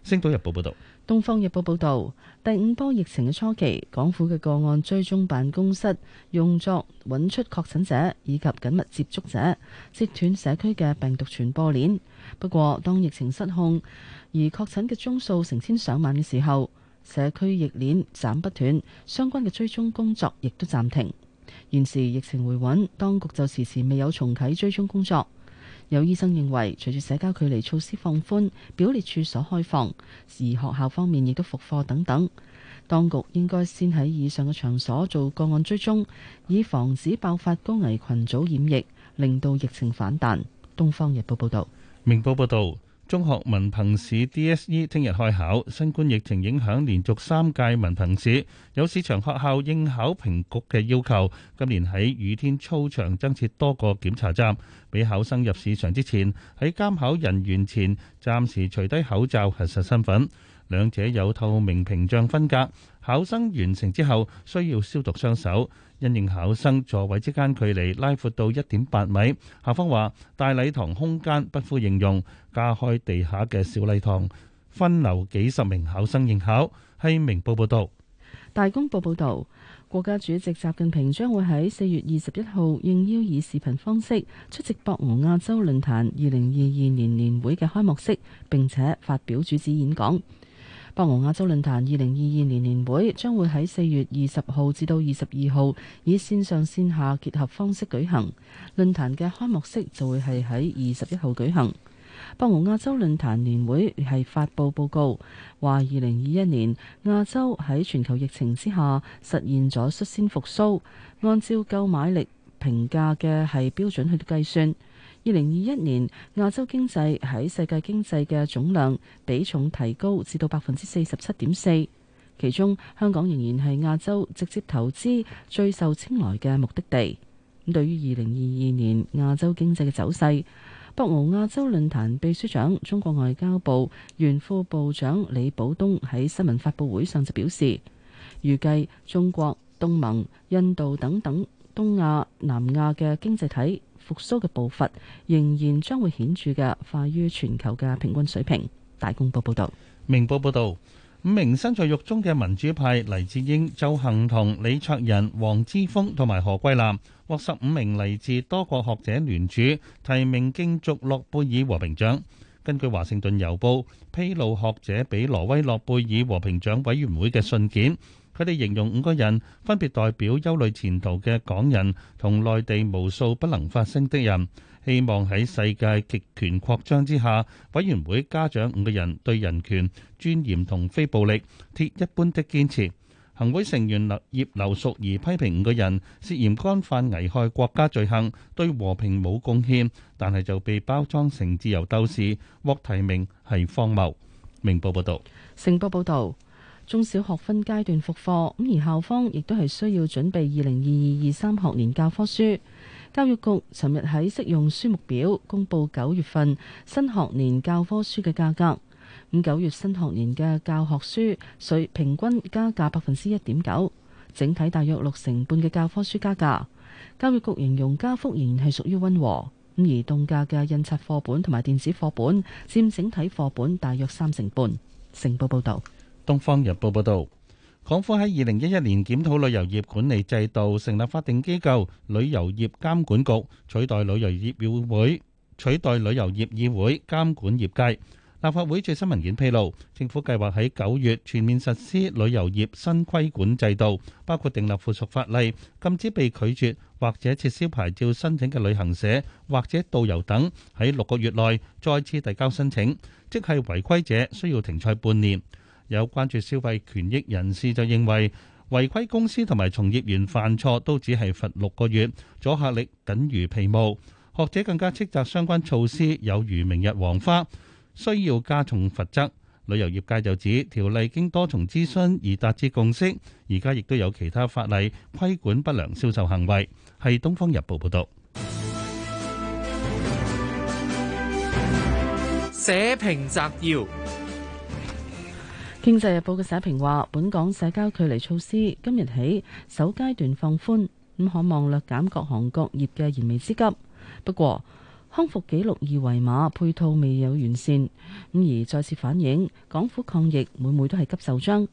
星島日報報道，東方日報報道，第五波疫情嘅初期，港府嘅個案追蹤辦公室用作揾出確診者以及緊密接觸者，切斷社區嘅病毒傳播鏈。不過，當疫情失控而確診嘅宗數成千上萬嘅時候，社區疫鏈斬不斷，相關嘅追蹤工作亦都暫停。現時疫情回穩，當局就遲遲未有重啟追蹤工作。有醫生認為，隨住社交距離措施放寬、表列處所開放，而學校方面亦都復課等等，當局應該先喺以上嘅場所做個案追蹤，以防止爆發高危群組染疫，令到疫情反彈。《東方日報》報道。《明報》報導。中學文憑試 DSE 聽日開考，新冠疫情影響連續三屆文憑試，有市場學校應考評局嘅要求，今年喺雨天操場增設多個檢查站，俾考生入市場之前喺監考人員前暫時除低口罩核實身份。兩者有透明屏障分隔，考生完成之後需要消毒雙手。因應考生座位之間距離拉闊到一點八米，校方話大禮堂空間不敷應用，加開地下嘅小禮堂，分流幾十名考生應考。係明報報道：「大公報報道，國家主席習近平將會喺四月二十一號應邀以視頻方式出席博鰲亞洲論壇二零二二年年會嘅開幕式，並且發表主旨演講。博鰲亞洲論壇二零二二年年會將會喺四月二十號至到二十二號以線上線下結合方式舉行，論壇嘅開幕式就會係喺二十一號舉行。博鰲亞洲論壇年會係發佈報告，話二零二一年亞洲喺全球疫情之下實現咗率先復蘇，按照購買力評價嘅係標準去計算。二零二一年亞洲經濟喺世界經濟嘅總量比重提高至到百分之四十七點四，其中香港仍然係亞洲直接投資最受青睞嘅目的地。咁對於二零二二年亞洲經濟嘅走勢，博鰲亞洲論壇秘書長、中國外交部原副部長李保東喺新聞發佈會上就表示，預計中國、東盟、印度等等東亞、南亞嘅經濟體復蘇嘅步伐仍然將會顯著嘅快於全球嘅平均水平。大公報報道，明報報道，五名身在獄中嘅民主派黎智英、鄒幸彤、李卓人、黃之鋒同埋何桂藍獲十五名嚟自多國學者聯署提名，競逐諾貝爾和平獎。根據華盛頓郵報披露，學者俾挪威諾貝爾和平獎委員會嘅信件。佢哋形容五個人分別代表憂慮前途嘅港人同內地無數不能發聲的人，希望喺世界極權擴張之下，委員會嘉獎五個人對人權尊嚴同非暴力鐵一般的堅持。行會成員葉劉淑儀批評五個人涉嫌干犯危害國家罪行，對和平冇貢獻，但係就被包裝成自由鬥士獲提名係荒謬。明報報導，成報報導。中小學分階段復課，咁而校方亦都係需要準備二零二二二三學年教科書。教育局尋日喺適用書目表公佈九月份新學年教科書嘅價格。咁九月新學年嘅教學書水平均加價百分之一點九，整體大約六成半嘅教科書加價。教育局形容加幅仍然係屬於溫和。咁而凍價嘅印刷課本同埋電子課本佔整體課本大約三成半。成報報道。《東方日報》報道，港府喺二零一一年檢討旅遊業管理制度，成立法定機構旅遊業監管局，取代旅遊業議會，取代旅遊業議會監管業界。立法會最新文件披露，政府計劃喺九月全面實施旅遊業新規管制度，包括訂立附屬法例，禁止被拒絕或者撤銷牌照申請嘅旅行社或者導遊等喺六個月內再次遞交申請，即係違規者需要停賽半年。有關注消費權益人士就認為，違規公司同埋從業員犯錯都只係罰六個月，阻嚇力等如皮毛。學者更加斥責相關措施有如明日黃花，需要加重罰則。旅遊業界就指條例經多重諮詢而達至共識，而家亦都有其他法例規管不良銷售行為。係《東方日報》報道。社評摘要。經濟日報嘅社評話，本港社交距離措施今日起首階段放寬，咁可望略減各行各業嘅燃眉之急。不過康復紀錄二維碼配套未有完善，咁而再次反映港府抗疫每每，每都係急就章。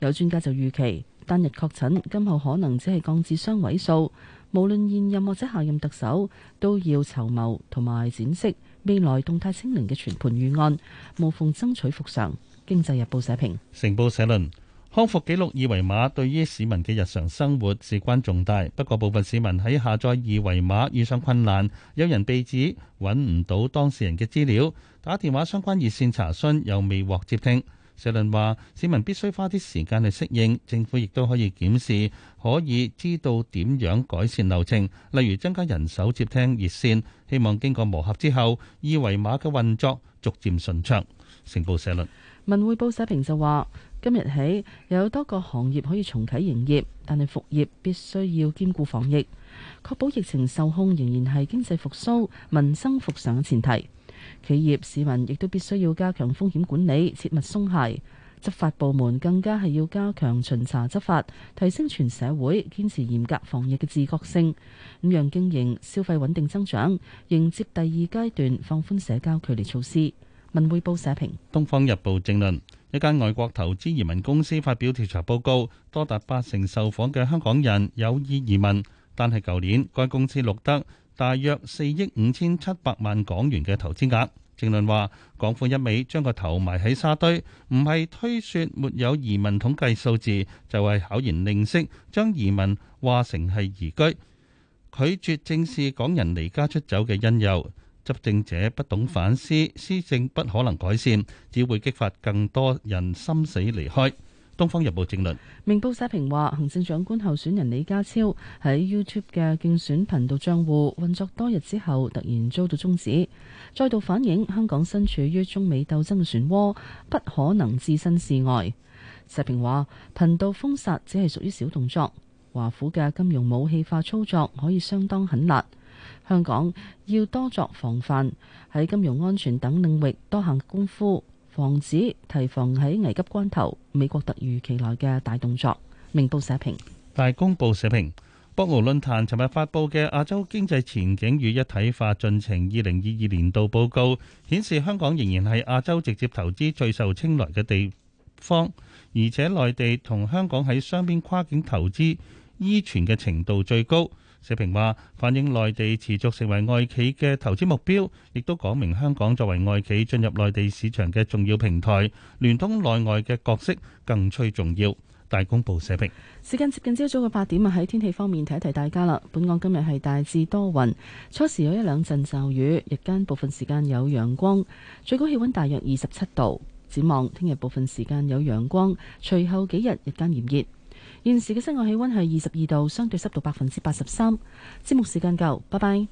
有專家就預期單日確診今後可能只係降至雙位數。無論現任或者下任特首都要籌謀同埋展示未來動態清零嘅全盤預案，無縫爭取復常。《經濟日報》社評：成報社論，康復記錄二維碼對於市民嘅日常生活事關重大。不過，部分市民喺下載二維碼遇上困難，有人被指揾唔到當事人嘅資料，打電話相關熱線查詢又未獲接聽。社論話：市民必須花啲時間嚟適應，政府亦都可以檢視，可以知道點樣改善流程，例如增加人手接聽熱線。希望經過磨合之後，二維碼嘅運作逐漸順暢。成報社論。文匯報社評就話：今日起有多個行業可以重啟營業，但係復業必須要兼顧防疫，確保疫情受控，仍然係經濟復蘇、民生復常嘅前提。企業市民亦都必須要加強風險管理，切勿鬆懈。執法部門更加係要加強巡查執法，提升全社會堅持嚴格防疫嘅自覺性，咁讓經營消費穩定增長，迎接第二階段放寬社交距離措施。文匯報社評，《東方日報》正論：一間外國投資移民公司發表調查報告，多達八成受訪嘅香港人有意移民，但係舊年該公司錄得大約四億五千七百萬港元嘅投資額。正論話：港府一味將個頭埋喺沙堆，唔係推說沒有移民統計數字，就係巧言令色，將移民話成係移居，拒絕正視港人離家出走嘅因由。執政者不懂反思，施政不可能改善，只會激發更多人心死離開。《東方日報》政論。明報社評話：行政長官候選人李家超喺 YouTube 嘅競選頻道賬戶運作多日之後，突然遭到終止，再度反映香港身處於中美鬥爭嘅漩渦，不可能置身事外。社評話：頻道封殺只係屬於小動作，華府嘅金融武器化操作可以相當狠辣。香港要多作防範，喺金融安全等領域多下功夫，防止提防喺危急關頭美國突如其來嘅大動作。明報社評。大公報社評，博鰲論壇尋日發佈嘅亞洲經濟前景與一體化進程二零二二年度報告顯示，香港仍然係亞洲直接投資最受青睞嘅地方，而且內地同香港喺雙邊跨境投資依存嘅程度最高。社評話反映內地持續成為外企嘅投資目標，亦都講明香港作為外企進入內地市場嘅重要平台，聯通內外嘅角色更趨重要。大公報社評。時間接近朝早嘅八點啊，喺天氣方面提一提大家啦。本港今日係大致多雲，初時有一兩陣驟雨，日間部分時間有陽光，最高氣溫大約二十七度。展望聽日部分時間有陽光，隨後幾日日間炎熱。現時嘅室外氣溫係二十二度，相對濕度百分之八十三。節目時間夠，拜拜。